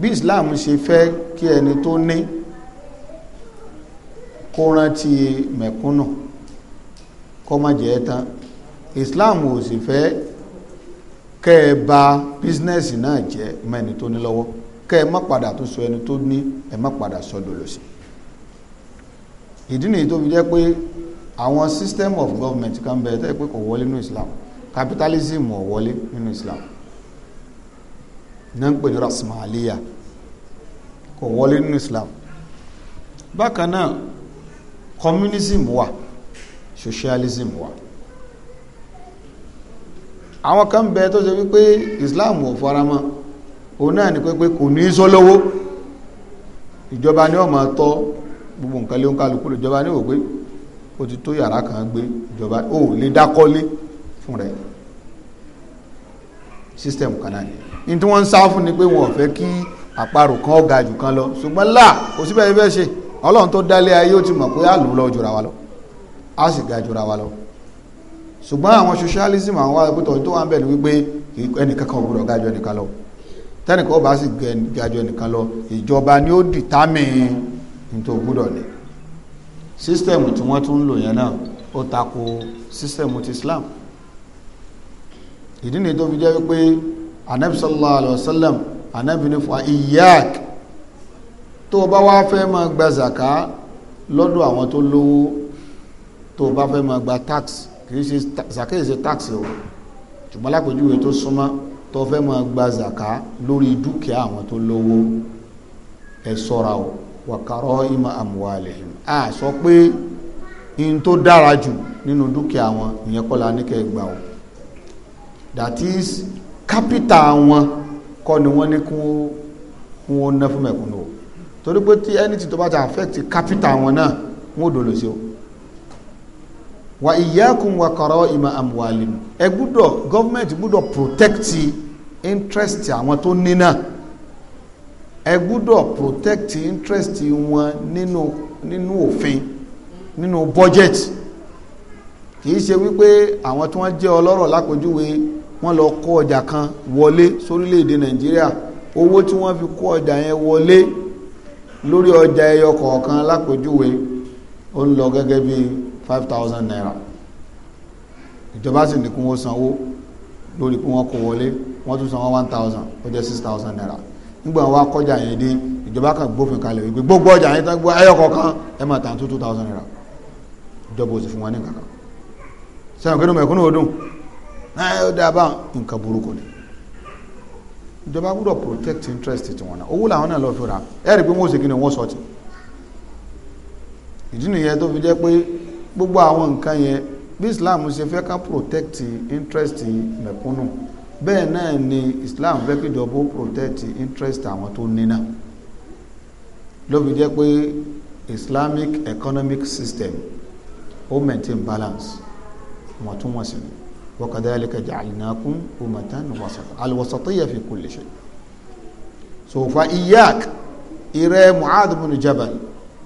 Speaker 1: bí Islam ṣe fẹ́ kí ẹni tó ní kó rántí mẹ̀kúnnù kó má jẹ́ tán Islam ò sì fẹ́ kẹ́ ẹ bà bísínẹ́sì náà jẹ́ mẹ́ni tó ní lọ́wọ́ kẹ́ ẹ má padà tó sọ ẹni tó ní ẹ má padà sọdọ̀ lòsì ìdí nìyí tó fi jẹ́ pé àwọn system of government kan bẹ̀rẹ̀ tẹ́ pé kò wọlé nínú Islam capitalism ò wọlé nínú Islam náà ń pè ní rasmaliya kò wọlé nínú Islam bákan náà communism wà socialism wà àwọn kan bẹ tó ṣe wípé islam ò faramọ́ òun náà ni pé kò ní sólówó ìjọba ni ó máa tọ́ gbogbo nǹkan lé ń kálukú ìjọba ní òwe ó ti tó yàrá kan gbé ìjọba ó lè dákọ́lé fún rẹ̀ system kan náà ni ní tí wọ́n ń sá fún ni pé wọn ò fẹ́ kí àparò kan ó kan lọ ṣùgbọ́n láà kò síbẹ̀ ibẹ̀ ṣe ọlọ́run tó dálé ayé ó ti mọ̀ pé àlù lọ jura wa lọ á sì ga jura wa lọ ṣùgbọ́n àwọn socialism àwọn àgbẹ̀tọ̀ tó wà ń bẹ̀ ni wípé ẹnìkan kan gbọdọ̀ ga ju ẹnìkan lọ tẹ́nìkan ó bá sì ga ju ẹnìkan lọ ìjọba ni ó determine nítorí gbọdọ̀ ni system tí wọ́n tún ń lò yẹn náà ó tako system ti Islam ìdí ni tó fi jẹ́ wípé anabi sallallahu alayhi wa sallam anabi ní fún iyyak tó o bá wá fẹ́ máa gba zaka lọ́dọ̀ àwọn tó lówó tó o bá fẹ́ máa gba tax kìí ṣe zaka yìí ṣe tax o ṣùgbọ́n lápèjúwe tó súnmọ́ tó o fẹ́ máa gba zaka lórí dúkìá àwọn tó lówó ẹ ṣọ́ra o wàkàrọ ìmọ̀ àmúwalẹ̀ a sọ pé in tó dára jù nínú dúkìá wọn ìyẹn kọ́ la ní kẹ́ gbà o that is capital wọn kọ́ ni wọ́n ní kún ó ná fún mẹ̀kúnnù o torí pé tí anything tó bá ti affect capital wọn náà wọn ò dòlò sí o wà ìyẹ́kùn wà kọ̀rọ̀ ìmọ̀ àmúwalẹ̀ ẹ gbúdọ̀ gọ́ọ̀mẹ̀ntì gbúdọ̀ protect interest àwọn tó ní náà ẹ gbúdọ̀ protect interest wọn nínú nínú òfin nínú budget kìí ṣe wípé àwọn tí wọ́n jẹ́ ọlọ́rọ̀ lápèjúwe wọ́n lọ kó ọjà kan wọlé sórílẹ̀-èdè nàìjíríà owó tí wọ́n fi kó ọjà yẹn wọlé lórí ọjà ẹyọ kọ̀ọ̀kan lápèjúwe ó ń lọ gẹ́gẹ́ bí five thousand naira ìjọba sì ní kí wọ́n sanwó lórí pé wọ́n kó wọlé wọ́n tún sanwó one thousand ó jẹ́ six thousand naira nígbà wọn wá kọjá yẹn dé ìjọba kan gbófin kalẹ̀ wípé gbogbo ọjà yẹn tán gbọ́ ẹyọ kọ̀ọ̀kan ẹ máa tàn two thousand naira ìjọba ò sì fún wọn ní kankan sẹ́yìn kí ni mẹ̀kúnnù ọdún ẹ ó dáa nǹkan burúkú ni ìjọba gbúdọ̀ protect interest tiwọn náà owó làwọn náà lọ fi ra ẹ rí i pé wọ́n ṣe kí ni wọ́n sọ ti ìdí nìyẹn tó fi jẹ́ pé gbogbo àwọn nǹkan yẹn bí Islam ṣe fẹ́ ká protect interest mẹ̀kúnnù bẹ́ẹ̀ náà ni Islam fẹ́ kí ìjọba protect interest àwọn tó níná ló fi jẹ́ pé Islamic economic system ó maintain balance wọ́n tún wọ́n sí ni wa kadhalika ja'alnakum umatan wasata alwasatiyya fi kulli shay so fa iyak ire mu'adh bin jabal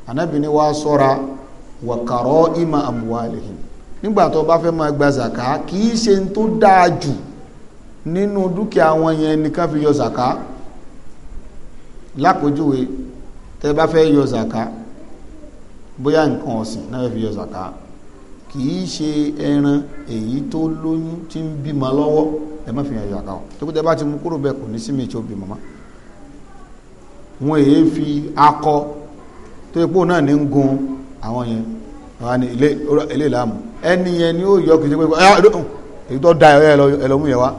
Speaker 1: anabi ni wa ṣọ́ra wa karaima amwalihim nígbà tó bá fẹ́ máa gba zaka kì í ṣe ń tó dáa jù nínú dúkìá wọn yẹn nìkan fi yọ zaka lápòjúwe tẹ́ bá fẹ́ yọ zaka bóyá nǹkan ọ̀sìn náà fi yọ zaka kì í ṣe ẹran èyí tó lóyún tí ń bímọ lọ́wọ́ ẹ má fi hàn yàgà ọ tó kó tẹ bá ti mú kúrò bẹ́ẹ̀ kò ní sí mi tí ó bímọ mọ́ wọn èyí fi akọ tó epo náà ní ń gun àwọn yẹn wọn ni ilé ìlàmù ẹni yẹn ni ó yọ kìí ṣe pé èyí tó da ẹlọmú yẹn wá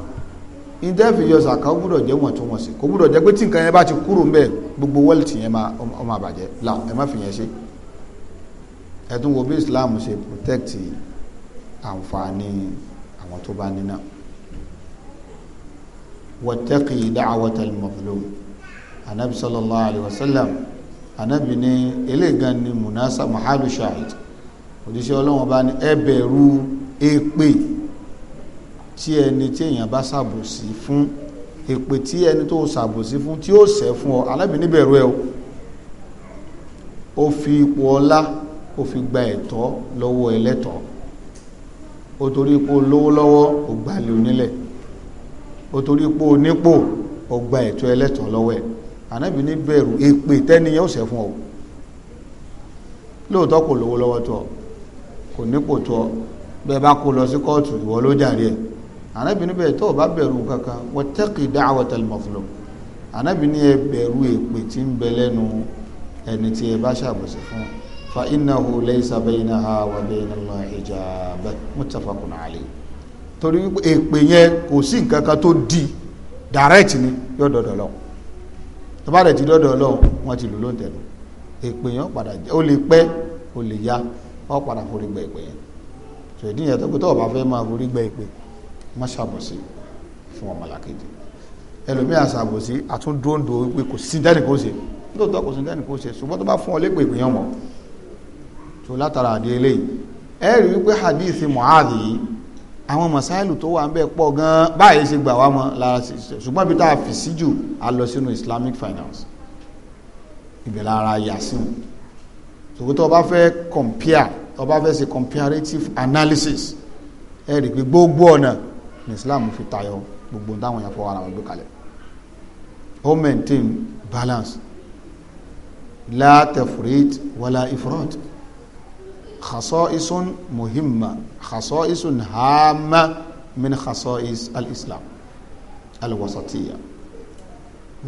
Speaker 1: ìdẹ́fì yọ sàkà ó gbúdọ̀ jẹ́ wọ̀ntúnwọ̀nsì kò gbúdọ̀ jẹ́ pé tí nǹkan yẹn bá ti kúrò ń bẹ́ẹ̀ gbogbo wọ́ọ̀lì tì yẹn máa ọmọ àbàjẹ́ làwọn ẹ má fi yẹn ṣe ẹ̀tún wo bí Islam ṣe protect àǹfààní àwọn tó bá níná wattaqi da'watal mazlum anabi sallallahu alayhi wa sallam anabi ní elégan ni munasa mahalu shahid òjíṣẹ́ ọlọ́wọ́n bá ní ẹ bẹ̀rù èpè tí ẹni tí èèyàn bá ṣàbòsí fún èpè tí ẹni tó ṣàbòsí fún tí ó ṣẹ̀ fún ọ alábìíní bẹ̀rù ẹ o fi ipò ọlá ó fi gba ẹ̀tọ́ lọ́wọ́ ẹlẹ́tọ̀ọ́ ó torí pé olówó lọ́wọ́ ó gba lè onílẹ̀ ó torí pé onípò ó gba ẹ̀tọ́ ẹlẹ́tọ̀ọ́ lọ́wọ́ ẹ̀ ànábì ní bẹ̀rù èpè tẹ́niyàn ó ṣẹ̀ fún ọ lóòótọ́ kò lówó lọ́wọ́ tó ọ kò nípò tó ọ bẹ́ẹ̀ bá kó lọ sí kóòtù ìwọ ló jàre ẹ̀ ànábì ní bẹ̀rù tó o bá bẹ̀rù kankan wattaqi da'watal mazlum ànábì ní ẹ bẹ̀rù èpè tí ń bẹ lẹ́nu ẹni tí ẹ bá ṣàbọ̀sẹ̀ fún ọ فإنه ليس بينها وبين الله حجاب متفق عليه torí èpè yẹn kò sí nǹkan kan tó di direct ni yóò dọ̀dọ̀ tó bá rẹ̀ ti dọdọ lọ wọ́n ti ló ń èpè yẹn padà ó lè pẹ ó lè ya ó padà forí gba èpè yẹn tó ìdí yẹn tó tó o bá máa forí èpè má ṣàbòsí fún ọmọ làkejì ẹlòmíà ṣàbòsí àtúndóńdó wípé kò sí so látara àdé eléyìí ẹ rí wípé hadith mu'adh yìí àwọn masáìlù tó wà ń bẹ pọ̀ gan báyìí ṣe gbà wá mọ́ lára ṣùgbọ́n bí tá fi síjù a lọ sínú islamic finance ibẹ̀ lára yasin ṣùgbọ́n tó bá fẹ́ compare tó o bá fẹ́ ṣe comparative analysis ẹ rí pé gbogbo ọ̀nà ní islam fi tayọ gbogbo táwọn èèyàn fọwọ́ ara wọn gbé kalẹ̀ ó maintain balance la tefrit wala ifrot khasaisun muhimma khasaisun hama min khasais al-islam al-wasatiyya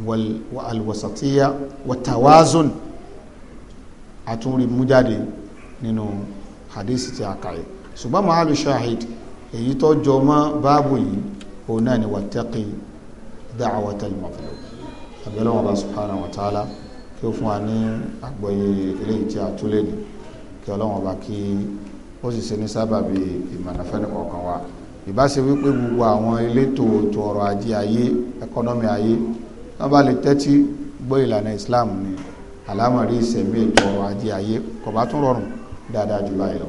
Speaker 1: wal al-wasatiyya wat-tawazun àtúnrí mú jáde nínú hadith tí a kàyé ṣùgbọ́n mahalu shahid èyí tó jọ mọ́ báàbù yìí òun náà ni wattaqi da'watal mazlum abẹ́lẹ́wọ̀n bá subhanahu wa ta'ala kí ó fún wa ní àgbọ́yé eléyìí tí a túlé ni kí ọlọ́run ọba kí ó sì ṣe ní sábàbí ìmọ̀nà fẹ́ni kọ̀ọ̀kan wa ìbáṣe wípé gbogbo àwọn elétò ètò ọrọ̀ ajé ayé ẹkọ́nọ́mì ayé wọ́n bá lè tẹ́tí gbọ́ ìlànà Islam ni àlámọ̀rí ìṣẹ̀mí ètò ọrọ̀ ajé ayé kò bá tún rọrùn dáadáa jù báyìí lọ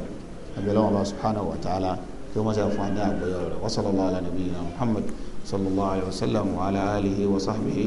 Speaker 1: abẹ́lẹ́wọ̀n Allah subhanahu wa ta'ala kí wọ́n sẹ́yìn fún adé àgbẹ̀yọ̀ rẹ̀ wa sallallahu ala nabiyyina Muhammad sallallahu alayhi wa sallam wa ala alihi wa sahbihi